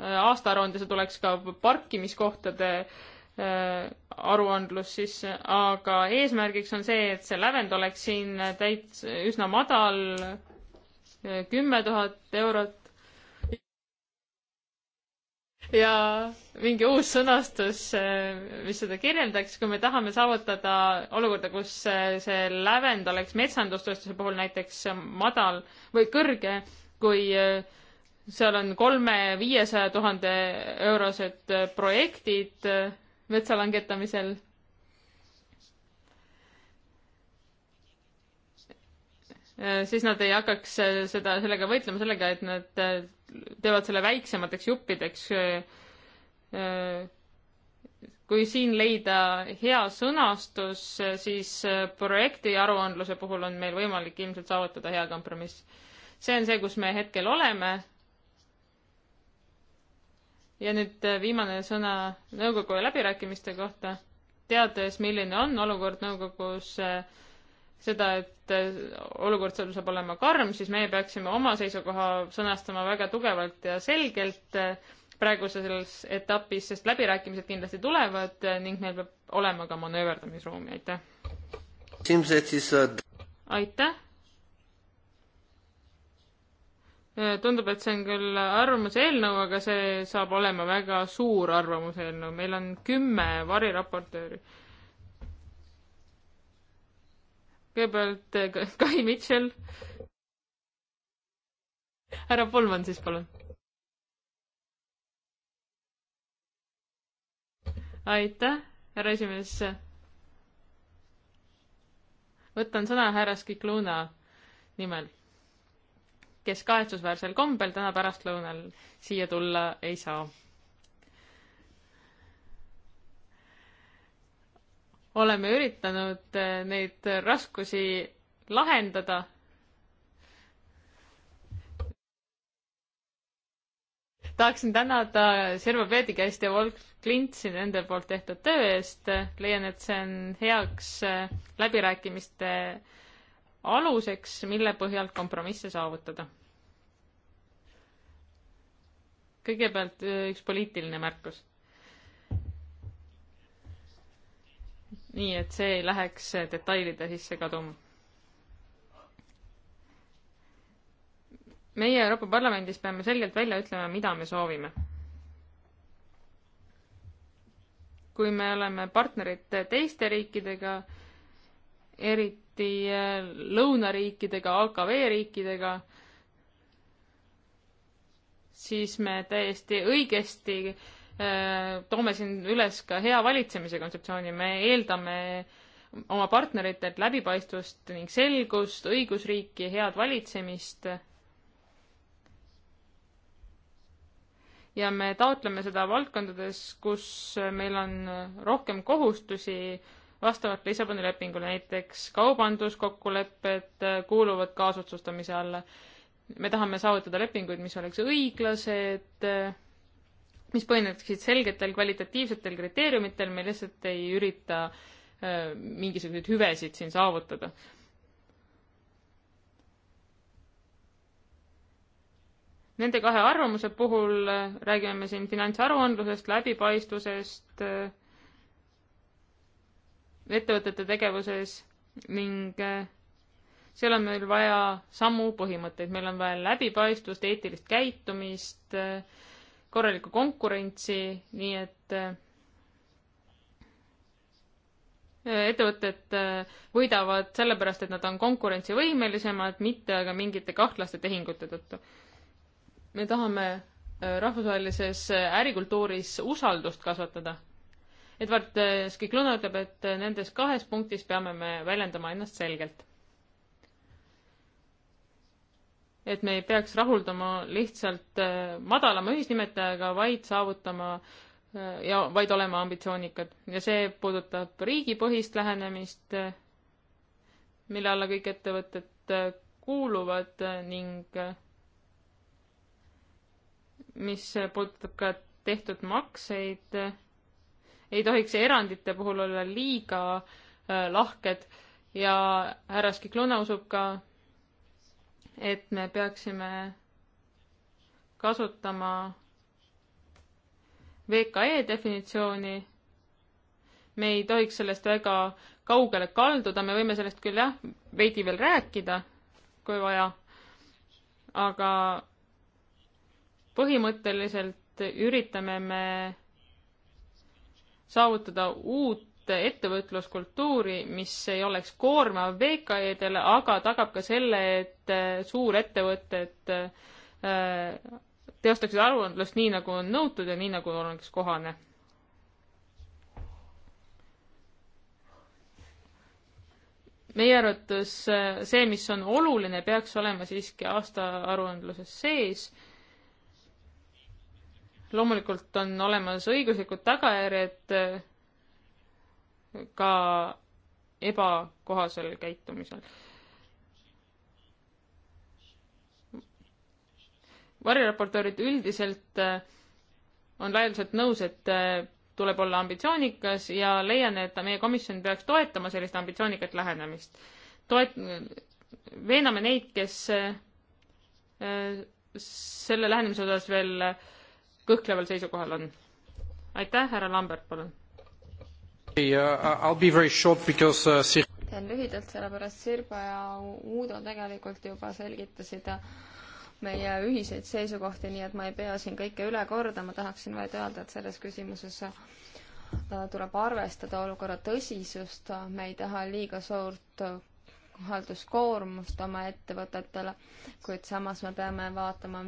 aastaaruandesse tuleks ka parkimiskohtade äh, aruandlus sisse, aga eesmärgiks on see, et see lävend oleks siin täits-, üsna madal, äh, kümme tuhat eurot ja mingi uus sõnastus, mis seda kirjeldaks, kui me tahame saavutada olukorda, kus see lävend oleks metsandustööstuse puhul näiteks madal või kõrge, kui äh, seal on kolme-viiesaja tuhande eurosed projektid äh, metsa langetamisel Äh, siis nad ei hakkaks äh, seda, sellega võitlema sellega, et nad äh, teevad selle väiksemateks juppideks. kui siin leida hea sõnastus, siis projekti aruandluse puhul on meil võimalik ilmselt saavutada hea kompromiss. see on see, kus me hetkel oleme. ja nüüd viimane sõna nõukogu läbirääkimiste kohta. teades, milline on olukord nõukogus äh, seda, et äh, olukord seal saab olema karm, siis meie peaksime oma seisukoha sõnastama väga tugevalt ja selgelt äh, praeguses etapis, sest läbirääkimised kindlasti tulevad äh, ning meil peab olema ka manööverdamisruumi, aitäh. aitäh. tundub, et see on küll arvamuse eelnõu, aga see saab olema väga suur arvamuse eelnõu, meil on kümme variraportööri kõigepealt eh, Kai Mitchell. härra Polman siis, palun. aitäh, härra esimees. võtan sõna härra Skikluna nimel, kes kahetsusväärsel kombel täna pärastlõunal siia tulla ei saa oleme üritanud eh, neid raskusi lahendada. tahaksin tänada Sirvo Peedikäist ja Wolf Klintsi nende poolt tehtud töö eest. leian, et see on heaks eh, läbirääkimiste aluseks, mille põhjal kompromisse saavutada. kõigepealt eh, üks poliitiline märkus nii et see ei läheks detailide sisse kaduma. meie Euroopa Parlamendis peame selgelt välja ütlema, mida me soovime. kui me oleme partnerid teiste riikidega, eriti lõunariikidega, AKV riikidega, siis me täiesti õigesti Äh, toome siin üles ka hea valitsemise kontseptsiooni, me eeldame oma partneritelt läbipaistvust ning selgust, õigusriiki, head valitsemist. ja me taotleme seda valdkondades, kus meil on rohkem kohustusi vastavalt Lissaboni lepingule, näiteks kaubanduskokkulepped kuuluvad kaasotsustamise alla. me tahame saavutada lepinguid, mis oleks õiglased mis põhineksid selgetel kvalitatiivsetel kriteeriumitel, me lihtsalt ei ürita äh, mingisuguseid hüvesid siin saavutada. Nende kahe arvamuse puhul äh, räägime me siin finantsaruandlusest, läbipaistvusest äh,, ettevõtete tegevuses ning äh, seal on meil vaja samu põhimõtteid, meil on vaja läbipaistvust, eetilist käitumist, äh, korralikku konkurentsi, nii et äh, ettevõtted äh, võidavad sellepärast, et nad on konkurentsivõimelisemad, mitte aga mingite kahtlaste tehingute tõttu. me tahame äh, rahvusvahelises ärikultuuris usaldust kasvatada. Edward Skikluna ütleb, et nendes kahes punktis peame me väljendama ennast selgelt et me ei peaks rahulduma lihtsalt äh, madalama ühisnimetajaga, vaid saavutama äh, ja vaid olema ambitsioonikad. ja see puudutab riigipõhist lähenemist, äh, mille alla kõik ettevõtted kuuluvad ning mis puudutab ka tehtud makseid, ei tohiks erandite puhul olla liiga lahked ja härra Skikluna usub ka, et me peaksime kasutama VKE definitsiooni. me ei tohiks sellest väga kaugele kalduda, me võime sellest küll jah, veidi veel rääkida, kui vaja, aga põhimõtteliselt üritame me saavutada uut ettevõtluskultuuri, mis ei oleks koormav VKE-dele, aga tagab ka selle, et äh, suurettevõtted äh, teostaksid aruandlust nii, nagu on nõutud ja nii, nagu oleks kohane. meie arvates äh, see, mis on oluline, peaks olema siiski aastaaruandluses sees loomulikult on olemas õiguslikud tagajärjed, ka ebakohasel käitumisel. variraportöörid üldiselt äh, on laialdaselt nõus, et äh, tuleb olla ambitsioonikas ja leian, et meie komisjon peaks toetama sellist ambitsioonikat lähenemist. toet-, veename neid, kes äh, selle lähenemise osas veel kõhkleval seisukohal on. aitäh, härra Lambert, palun Uh, uh, uh, teen lühidalt, sellepärast Sirba ja Uudo tegelikult juba selgitasid meie ühiseid seisukohti, nii et ma ei pea siin kõike üle kordama, tahaksin vaid öelda, et selles küsimuses äh, tuleb arvestada olukorra tõsisust, me ei taha liiga suurt äh, halduskoormust oma ettevõtetele, kuid samas me peame vaatama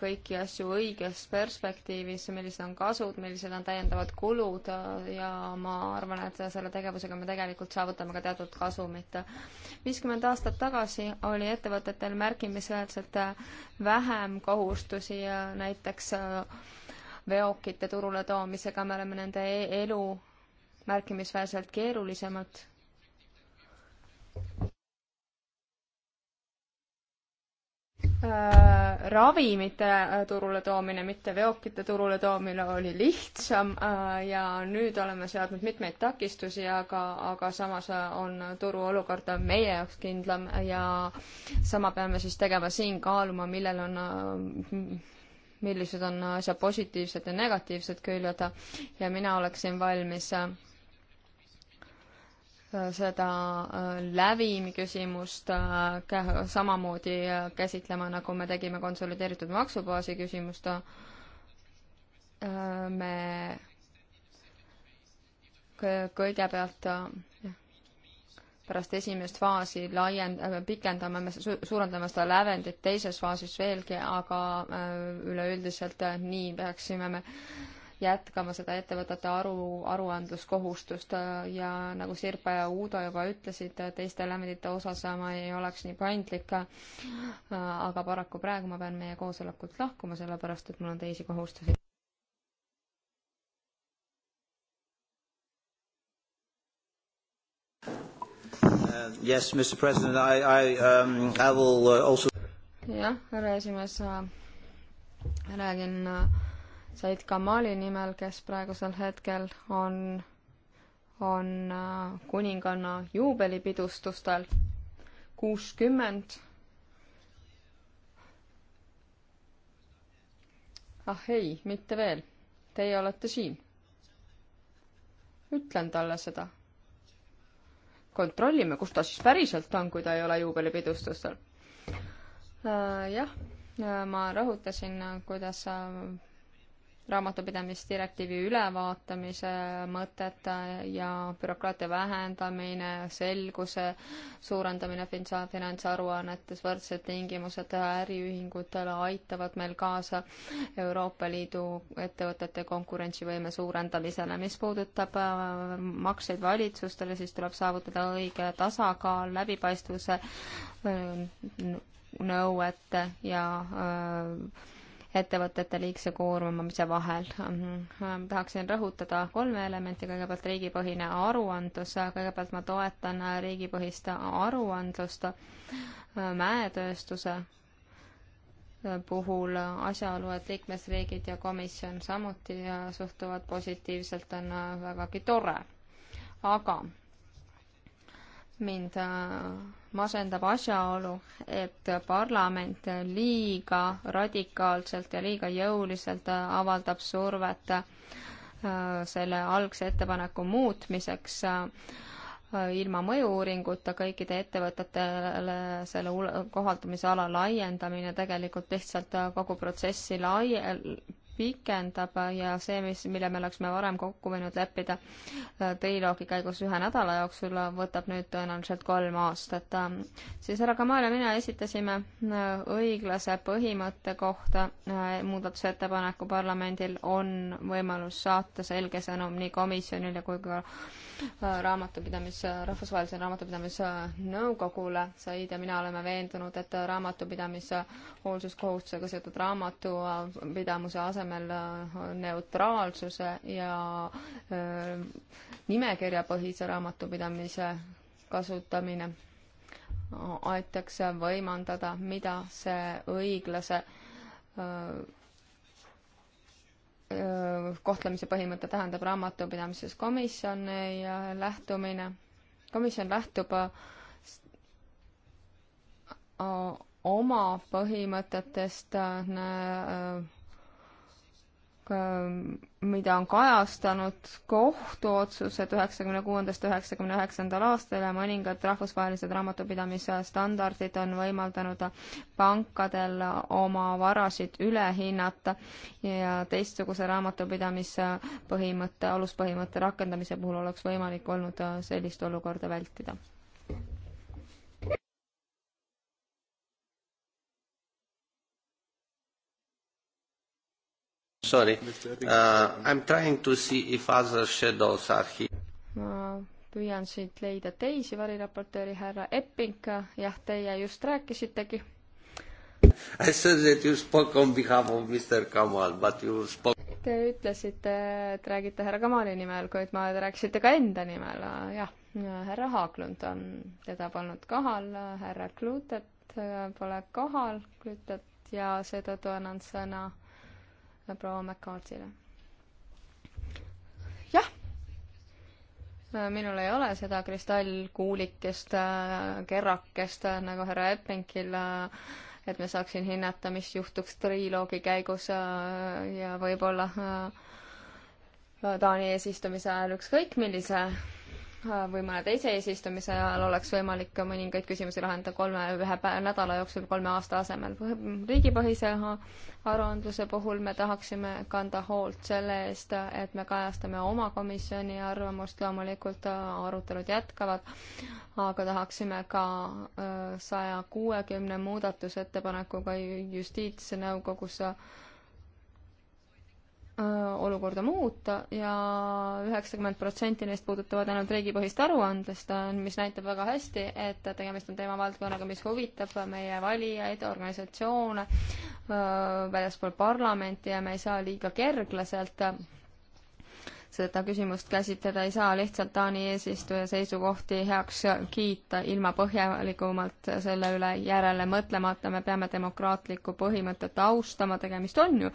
kõiki asju õiges perspektiivis, millised on kasud, millised on täiendavad kulud ja ma arvan, et selle tegevusega me tegelikult saavutame ka teatud kasumit. viiskümmend aastat tagasi oli ettevõtetel märkimisväärselt vähem kohustusi ja näiteks äh, veokite turule toomisega me oleme nende e-, elu märkimisväärselt keerulisemalt Äh, ravimite äh, turule toomine, mitte veokite turule toomine oli lihtsam äh, ja nüüd oleme seadnud mitmeid takistusi, aga, aga samas on turu olukord meie jaoks kindlam ja sama peame siis tegema siin, kaaluma, millel on millised on asja positiivsed ja negatiivsed küljed ja mina oleksin valmis seda äh, lävimi küsimust äh, samamoodi äh, käsitlema, nagu me tegime konsolideeritud maksubaasi küsimust. me kõigepealt pärast esimest faasi laiend-, pikendame me, suurendame seda lävendit teises faasis veelgi, aga üleüldiselt nii peaksime me jätkama seda ettevõtete aru, aruandluskohustust ja nagu Sirpa ja Uudo juba ütlesid, teiste lävendite osas ma ei oleks nii paindlik. aga paraku praegu ma pean meie koosolekult lahkuma, sellepärast et mul on teisi kohustusi. Uh, yes, Mr President, I, I, um, I will uh, also jah, härra esimees, räägin uh, Said Kamali nimel, kes praegusel hetkel on, on äh, kuninganna juubelipidustustel kuuskümmend. ah ei, mitte veel. Teie olete siin. ütlen talle seda. kontrollime, kus ta siis päriselt on, kui ta ei ole juubelipidustustel. Äh, jah, äh, ma rõhutasin, kuidas raamatupidamisdirektiivi ülevaatamise mõtet ja bürokraatia vähendamine, selguse suurendamine finantsaruannetes, võrdsed tingimused äriühingutele aitavad meil kaasa Euroopa Liidu ettevõtete konkurentsivõime suurendamisele. mis puudutab äh, makseid valitsustele, siis tuleb saavutada õige tasakaal läbipaistvuse äh, nõuete ja öö, äh, ettevõtete liigse koormamise vahel. Mhm. tahaksin rõhutada kolme elementi, kõigepealt riigipõhine aruandlus, kõigepealt ma toetan riigipõhist aruandlust mäetööstuse puhul asjaolu, et liikmesriigid ja komisjon samuti suhtuvad positiivselt, on vägagi tore. aga mind masendab asjaolu, et parlament liiga radikaalselt ja liiga jõuliselt avaldab survet äh, selle algse ettepaneku muutmiseks äh, ilma mõju-uuringuta kõikide ettevõtetele selle kohaldumise ala laiendamine tegelikult lihtsalt kogu protsessi lai-, pikendab ja see, mis, mille me oleksime varem kokku võinud leppida äh, triloogi käigus ühe nädala jooksul, äh, võtab nüüd tõenäoliselt kolm aastat. Äh, siis härra Kamal ja mina esitasime õiglase põhimõtte kohta muudatusettepaneku parlamendil on võimalus saata selge sõnum nii komisjonile kui ka raamatupidamis, rahvusvahelise raamatupidamisnõukogule, Said ja mina oleme veendunud, et raamatupidamise hoolsuskohustusega seotud raamatupidamuse asemel asemel äh, neutraalsuse ja äh, nimekirjapõhise raamatupidamise kasutamine aitaks võimandada, mida see õiglase äh, kohtlemise põhimõte tähendab raamatupidamises komisjoni lähtumine. komisjon lähtub oma põhimõtetest Äh, mida on kajastanud kohtuotsused üheksakümne kuuendast üheksakümne üheksandal aastal ja mõningad rahvusvahelised raamatupidamise standardid on võimaldanud pankadel oma varasid üle hinnata ja teistsuguse raamatupidamise põhimõtte, aluspõhimõtte rakendamise puhul oleks võimalik olnud äh, sellist olukorda vältida Sorry uh,, I am trying to see if other shadows are here. ma püüan siit leida teisi variraportööri, härra Epping, jah, teie just rääkisitegi. I said that you spoke on behalf of Mr Kamal, but you spoke Te ütlesite, et räägite härra Kamali nimel, kuid ma, te rääkisite ka enda nimel, jah. härra Haaglund on, teda polnud kohal, härra Klutet äh, pole kohal, Klutet ja seetõttu annan sõna proua McCarthy'le. jah, minul ei ole seda kristallkuulikest, kerrakest nagu härra Eppingil, et ma saaksin hinnata, mis juhtuks triloogi käigus ja võib-olla Taani eesistumise ajal ükskõik millise või mõne teise eesistumise ajal oleks võimalik ka mõningaid küsimusi lahendada kolme, ühe päeva, nädala jooksul kolme aasta asemel. riigipõhise aruandluse puhul me tahaksime kanda hoolt selle eest, et me kajastame oma komisjoni arvamust, loomulikult äh, arutelud jätkavad, aga tahaksime ka äh, saja kuuekümne muudatusettepanekuga justiitsnõukogus äh, Äh, olukorda muuta ja üheksakümmend protsenti neist puudutavad ainult riigipõhist aruandlust, äh, mis näitab väga hästi, et tegemist on teemavaldkonnaga, mis huvitab meie valijaid, organisatsioone äh, väljaspool parlamenti ja me ei saa liiga kerglaselt seda küsimust käsitleda ei saa lihtsalt Taani eesistuja seisukohti heaks kiita ilma põhjalikumalt selle üle järele mõtlemata, me peame demokraatlikku põhimõtet austama, tegemist on ju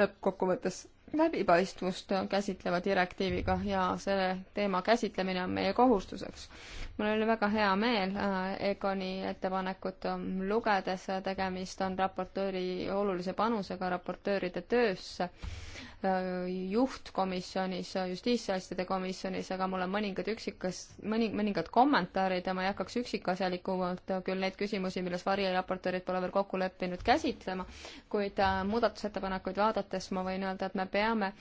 lõppkokkuvõttes läbipaistvust käsitleva direktiiviga ja selle teema käsitlemine on meie kohustuseks. mul oli väga hea meel äh, Egoni ettepanekut ähm, lugedes, tegemist on raportööri olulise panusega raportööride töösse juhtkomisjonis, justiitsasjade komisjonis, aga mul on mõningad üksikas, mõni, mõningad kommentaarid ja ma ei hakkaks üksikasjalikumalt küll neid küsimusi, milles variraportöörid pole veel kokku leppinud, käsitlema, kuid äh, muudatusettepanekuid vaadates ma võin öelda, et me peame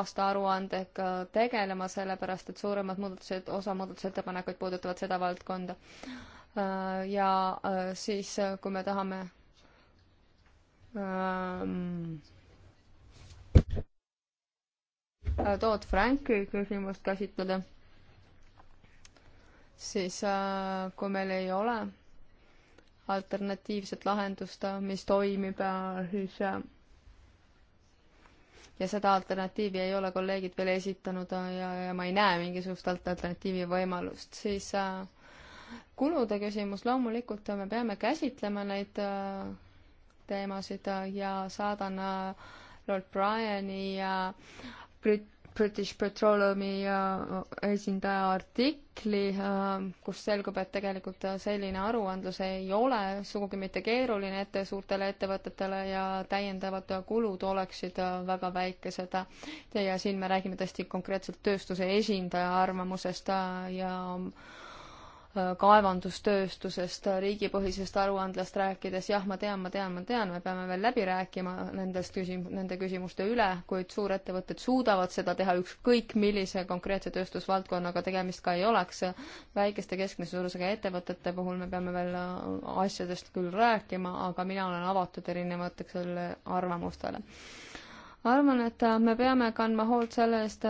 aastaaruandega tegelema, sellepärast et suuremad muudatused, osa muudatusettepanekuid puudutavad seda valdkonda. Äh, ja äh, siis, kui me tahame ähm, Toot Franki küsimust käsitleda, siis äh, kui meil ei ole alternatiivset lahendust, äh, mis toimib, äh, siis ja seda alternatiivi ei ole kolleegid veel esitanud ja, ja ma ei näe mingisugust alternatiivi võimalust, siis kulude küsimus, loomulikult me peame käsitlema neid teemasid ja saadan Lord Bryani ja Brit-, British Petroleumi äh, esindaja artikli, äh, kus selgub, et tegelikult äh, selline aruandlus ei ole sugugi mitte keeruline ette suurtele ettevõtetele ja täiendavad kulud oleksid väga väikesed. ja siin me räägime tõesti konkreetselt tööstuse esindaja arvamusest ja kaevandustööstusest, riigipõhisest aruandlast rääkides, jah, ma tean, ma tean, ma tean, me peame veel läbi rääkima nendest küsim-, nende küsimuste üle, kuid suurettevõtted suudavad seda teha, ükskõik millise konkreetse tööstusvaldkonnaga tegemist ka ei oleks. väikeste keskmise suurusega ettevõtete puhul me peame veel asjadest küll rääkima, aga mina olen avatud erinevatele arvamustele. arvan, et me peame kandma hoolt selle eest,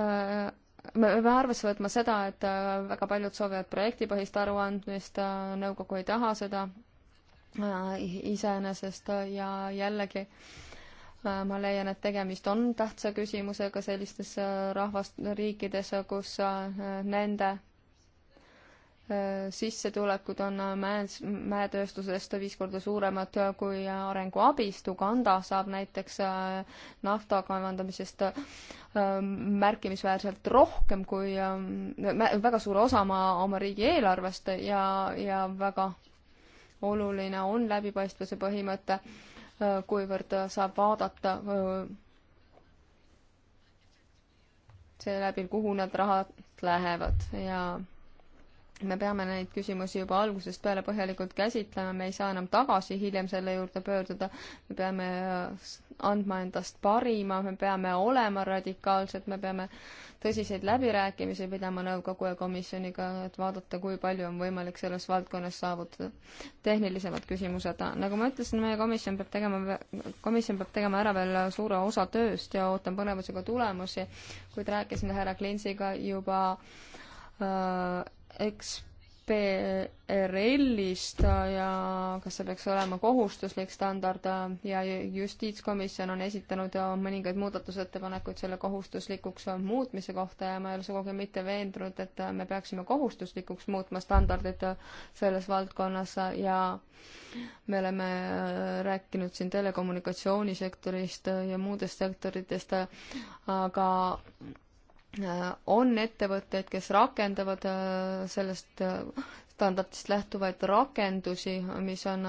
me peame arvesse võtma seda, et äh, väga paljud soovivad projektipõhist aruandmist, äh, nõukogu ei taha seda äh, iseenesest ja jällegi ma leian, et tegemist on tähtsa küsimusega sellistes rahvast, riikides, kus nende Äh, sissetulekud on äh, mäes, mäetööstusest viis korda suuremad äh, kui arenguabist, Uganda saab näiteks nafta kaevandamisest märkimisväärselt rohkem kui, väga suure osa oma, oma riigieelarvest ja, ja väga oluline on läbipaistvuse põhimõte, kuivõrd saab vaadata seeläbi, kuhu need rahad lähevad ja me peame neid küsimusi juba algusest peale põhjalikult käsitlema, me ei saa enam tagasi hiljem selle juurde pöörduda, me peame äh, andma endast parima, me peame olema radikaalsed, me peame tõsiseid läbirääkimisi pidama nõukogu ja komisjoniga, et vaadata, kui palju on võimalik selles valdkonnas saavutada. tehnilisemad küsimused, nagu ma ütlesin, meie komisjon peab tegema, komisjon peab tegema ära veel suure osa tööst ja ootan põnevusega tulemusi, kuid rääkisin härra Klinsiga juba äh, XPRL-ist ja kas see peaks olema kohustuslik standard ja justiitskomisjon on esitanud mõningaid muudatusettepanekuid selle kohustuslikuks muutmise kohta ja ma ei ole sugugi mitte veendunud, et me peaksime kohustuslikuks muutma standardit selles valdkonnas ja me oleme rääkinud siin telekommunikatsioonisektorist ja muudest sektoritest, aga Äh, on ettevõtteid, kes rakendavad äh, sellest äh, standardist lähtuvaid rakendusi, mis on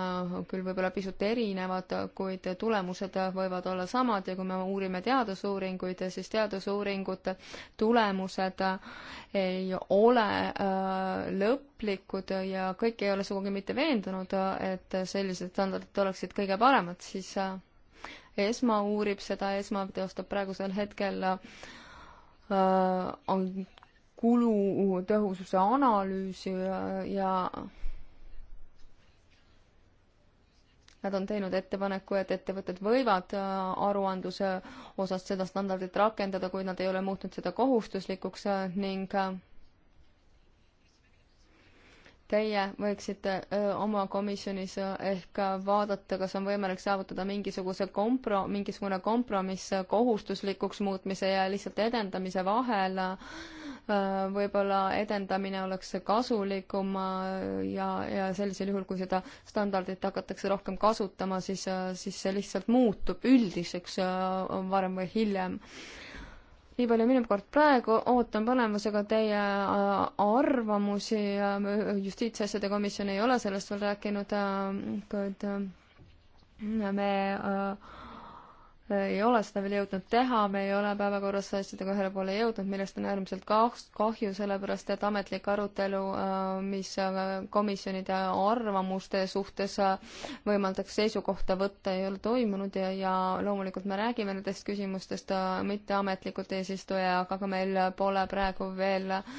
küll võib-olla pisut erinevad, kuid tulemused võivad olla samad ja kui me uurime teadusuuringuid, siis teadusuuringute tulemused ei ole lõplikud ja kõik ei ole sugugi mitte veendunud, et sellised standardid oleksid kõige paremad, siis ESMA uurib seda, ESMA teostab praegusel hetkel äh, Äh, on kulutõhususe analüüsi ja, ja Nad on teinud ettepaneku, et ettevõtted võivad äh, aruandluse osas seda standardit rakendada, kuid nad ei ole muutnud seda kohustuslikuks äh, ning teie võiksite öö, oma komisjonis ehk vaadata, kas on võimalik saavutada mingisuguse kompro-, mingisugune kompromiss kohustuslikuks muutmise ja lihtsalt edendamise vahel. võib-olla edendamine oleks kasulikum ja, ja sellisel juhul, kui seda standardit hakatakse rohkem kasutama, siis, siis see lihtsalt muutub üldiseks varem või hiljem nii palju minu poolt praegu, ootan põnevusega teie äh, arvamusi, äh, justiitsasjade komisjon ei ole sellest veel rääkinud, äh, kuid me äh, ei ole seda veel jõudnud teha, me ei ole päevakorras asjadega ühele poole jõudnud, millest on äärmiselt kahju, sellepärast et ametlik arutelu, äh, mis äh, komisjonide arvamuste suhtes äh, võimaldaks seisukohta võtta, ei ole toimunud ja, ja loomulikult me räägime nendest küsimustest mitteametlikult eesistujaga, aga meil pole praegu veel äh,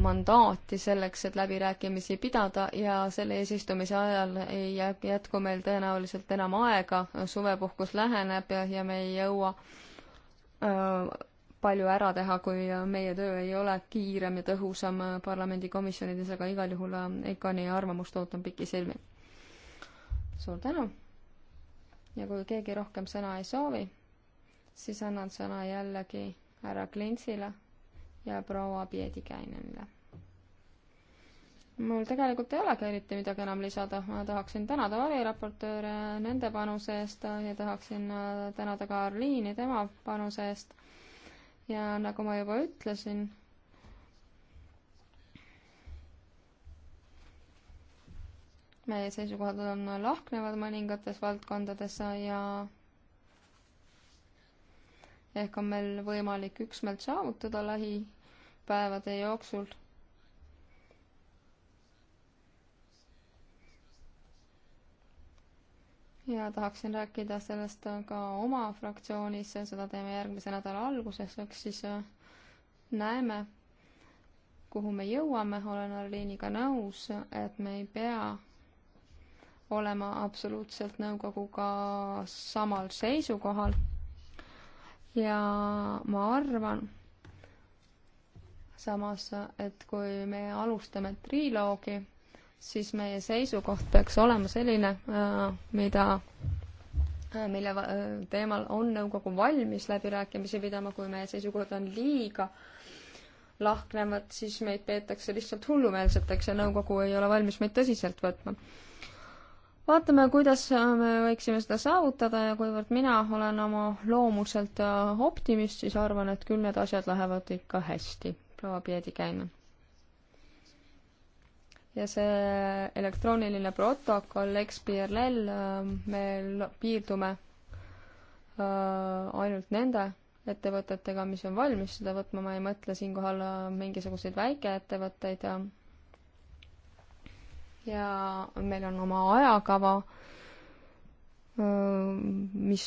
mandaati selleks, et läbirääkimisi pidada ja selle eesistumise ajal ei jätku meil tõenäoliselt enam aega, suvepuhkus läheneb ja, ja me ei jõua öö, palju ära teha, kui meie töö ei ole kiirem ja tõhusam parlamendikomisjonides, aga igal juhul äh, EKONi arvamust ootan pikisilmi. suur tänu! ja kui keegi rohkem sõna ei soovi, siis annan sõna jällegi härra Klintsile ja proua Piedikäinenile. mul tegelikult ei olegi eriti midagi enam lisada, ma tahaksin tänada variraportööre nende panuse eest ja tahaksin äh, tänada ka Arliini tema panuse eest. ja nagu ma juba ütlesin, meie seisukohad on lahknevad mõningates valdkondades ja ehk on meil võimalik üksmeelt saavutada lähipäevade jooksul. ja tahaksin rääkida sellest ka oma fraktsioonis, seda teeme järgmise nädala alguses, eks siis äh, näeme, kuhu me jõuame, olen Arliiniga nõus, et me ei pea olema absoluutselt nõukoguga samal seisukohal ja ma arvan samas, et kui me alustame triloogi, siis meie seisukoht peaks olema selline, äh, mida, äh, mille äh, teemal on nõukogu valmis läbirääkimisi pidama, kui meie seisukohad on liiga lahknevad, siis meid peetakse lihtsalt hullumeelseteks ja nõukogu ei ole valmis meid tõsiselt võtma vaatame, kuidas me võiksime seda saavutada ja kuivõrd mina olen oma loomuselt äh, optimist, siis arvan, et küll need asjad lähevad ikka hästi. proua Piedi käime. ja see elektrooniline protokoll, XPRL, äh, me piirdume äh, ainult nende ettevõtetega, mis on valmis seda võtma, ma ei mõtle siinkohal mingisuguseid väikeettevõtteid ja ja meil on oma ajakava, mis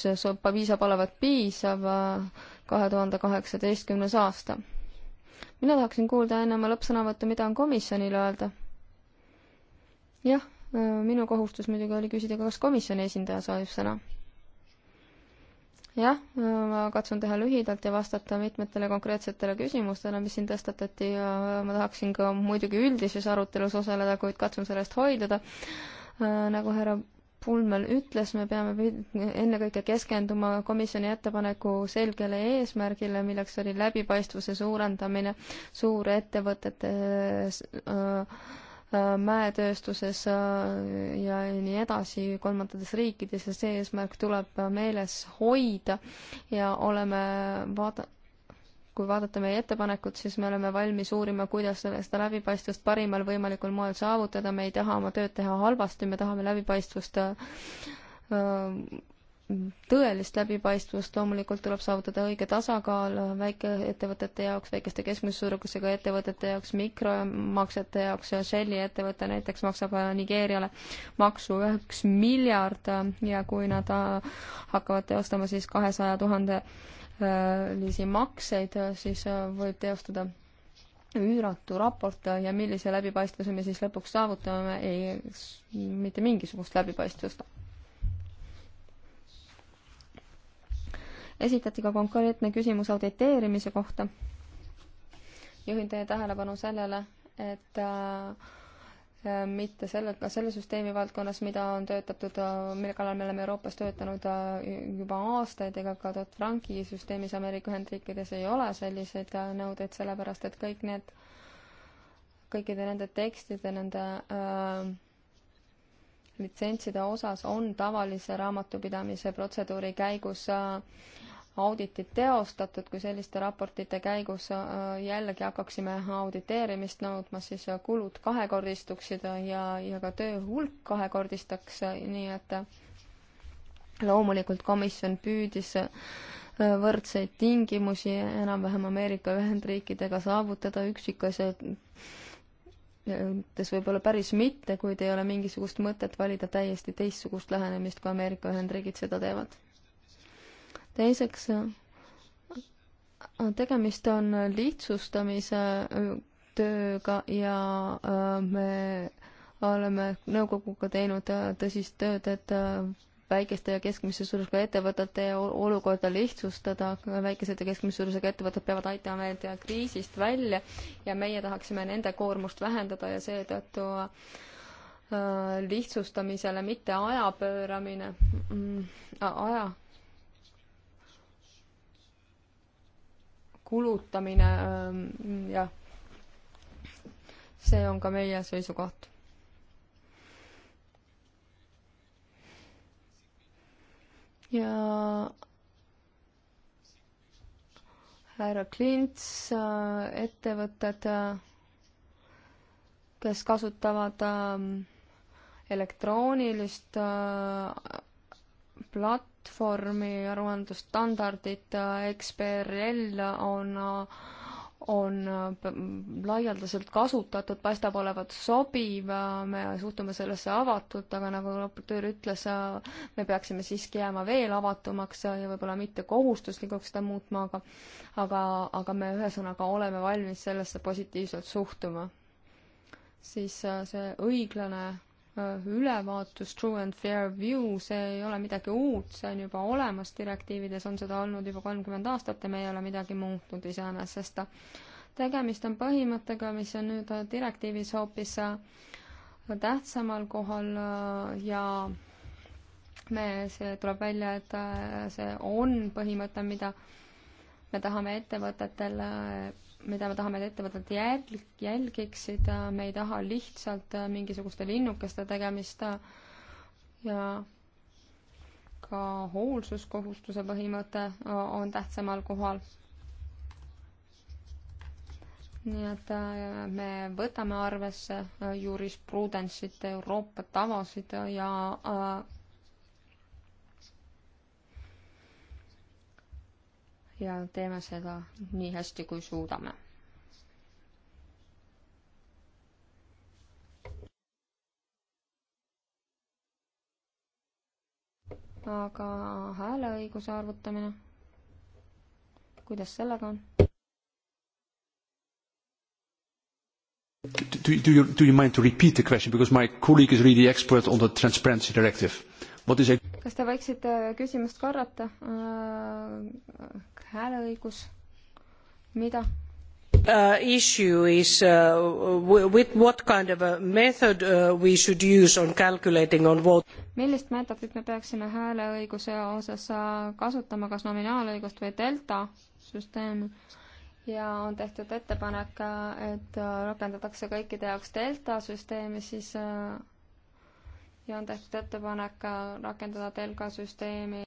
viisab olevat piisav, kahe tuhande kaheksateistkümnes aasta. mina tahaksin kuulda enne oma lõppsõnavõttu, mida on komisjonil öelda. jah, minu kohustus muidugi oli küsida, kas komisjoni esindaja soovib sõna jah, ma katsun teha lühidalt ja vastata mitmetele konkreetsetele küsimustele, mis siin tõstatati ja ma tahaksin ka muidugi üldises arutelus osaleda, kuid katsun sellest hoiduda. Äh, nagu härra Pulmel ütles, me peame ennekõike keskenduma komisjoni ettepaneku selgele eesmärgile, milleks oli läbipaistvuse suurendamine suurettevõtetes äh, Äh, mäetööstuses äh, ja nii edasi kolmandates riikides ja see eesmärk tuleb äh, meeles hoida ja oleme vaada-, kui vaadata meie ettepanekut, siis me oleme valmis uurima, kuidas seda läbipaistvust parimal võimalikul moel saavutada, me ei taha oma tööd teha halvasti, me tahame läbipaistvust tõelist läbipaistvust, loomulikult tuleb saavutada õige tasakaal väikeettevõtete jaoks, väikeste keskmise suurusega ettevõtete jaoks, mikromaksete jaoks, Shelli ettevõte näiteks maksab äh, Nigeeriale maksu üks miljard ja kui nad äh, hakkavad teostama siis kahesaja tuhande äh, lisi makseid, siis võib teostada üüratu raport ja millise läbipaistvuse me siis lõpuks saavutame, ei, mitte mingisugust läbipaistvust esitati ka konkreetne küsimus auditeerimise kohta. juhin teie tähelepanu sellele, et äh, äh mitte selle, ka selle süsteemi valdkonnas, mida on töötatud, äh, mille kallal me oleme Euroopas töötanud äh, juba aastaid, ega ka Dodd Franki süsteemis Ameerika Ühendriikides ei ole selliseid nõudeid, sellepärast et kõik need, kõikide nende tekstide, nende äh, litsentside osas on tavalise raamatupidamise protseduuri käigus äh, auditit teostatud, kui selliste raportite käigus äh, jällegi hakkaksime auditeerimist nõudma, siis äh, kulud kahekordistuksid äh, ja, ja ka töö hulk kahekordistaks, nii et loomulikult komisjon püüdis võrdseid tingimusi enam-vähem Ameerika Ühendriikidega saavutada üksikasjad ütles võib-olla päris mitte, kuid ei ole mingisugust mõtet valida täiesti teistsugust lähenemist, kui Ameerika Ühendriigid seda teevad teiseks, tegemist on lihtsustamise tööga ja äh, me oleme nõukoguga teinud äh, tõsist tööd, et äh, väikeste ja keskmise suurusega ettevõtete olukorda lihtsustada, väikesed ja keskmise suurusega ettevõtted peavad aitama meid kriisist välja ja meie tahaksime nende koormust vähendada ja seetõttu lihtsustamisele mitte mm, aja pööramine, aja kulutamine, ähm, jah, see on ka meie seisukoht. ja härra Klints, äh, ettevõtted, äh, kes kasutavad ähm, elektroonilist äh, plat-, platvormi aruandlusstandardid, XBRL on on laialdaselt kasutatud, paistab olevat sobiv, me suhtume sellesse avatult, aga nagu raportöör ütles, me peaksime siiski jääma veel avatumaks ja võib-olla mitte kohustuslikuks seda muutma, aga aga, aga me ühesõnaga oleme valmis sellesse positiivselt suhtuma. siis äh, see õiglane ülevaatus, true and fair view, see ei ole midagi uut, see on juba olemas direktiivides, on seda olnud juba kolmkümmend aastat ja me ei ole midagi muutnud iseenesest. tegemist on põhimõttega, mis on nüüd direktiivis hoopis äh, tähtsamal kohal äh, ja me, see tuleb välja, et äh, see on põhimõte, mida me tahame ettevõtetel mida me tahame, et ettevõtted jälg-, jälgiksid, me ei taha lihtsalt äh, mingisuguste linnukeste tegemist ja ka hoolsuskohustuse põhimõte äh, on tähtsamal kohal. nii et äh, me võtame arvesse jurisprudentsit, Euroopa tavasid ja ja teeme seda nii hästi, kui suudame. aga hääleõiguse arvutamine, kuidas sellega on? Do, do, you, do you mind to repeat the question because my colleague is really the expert on the transparency directive. What is it? kas te võiksite küsimust korrata äh,? hääleõigus, mida uh,? issue is uh, with what kind of a method uh, we should use on calculating on vote. millist meetodit me peaksime hääleõiguse osas äh, kasutama, kas nominaalõigust või delta süsteemi? ja on tehtud ettepanek, äh, et äh, rakendatakse kõikide jaoks delta süsteemi, siis uh, ja on tehtud ettepanek rakendada telgasüsteemi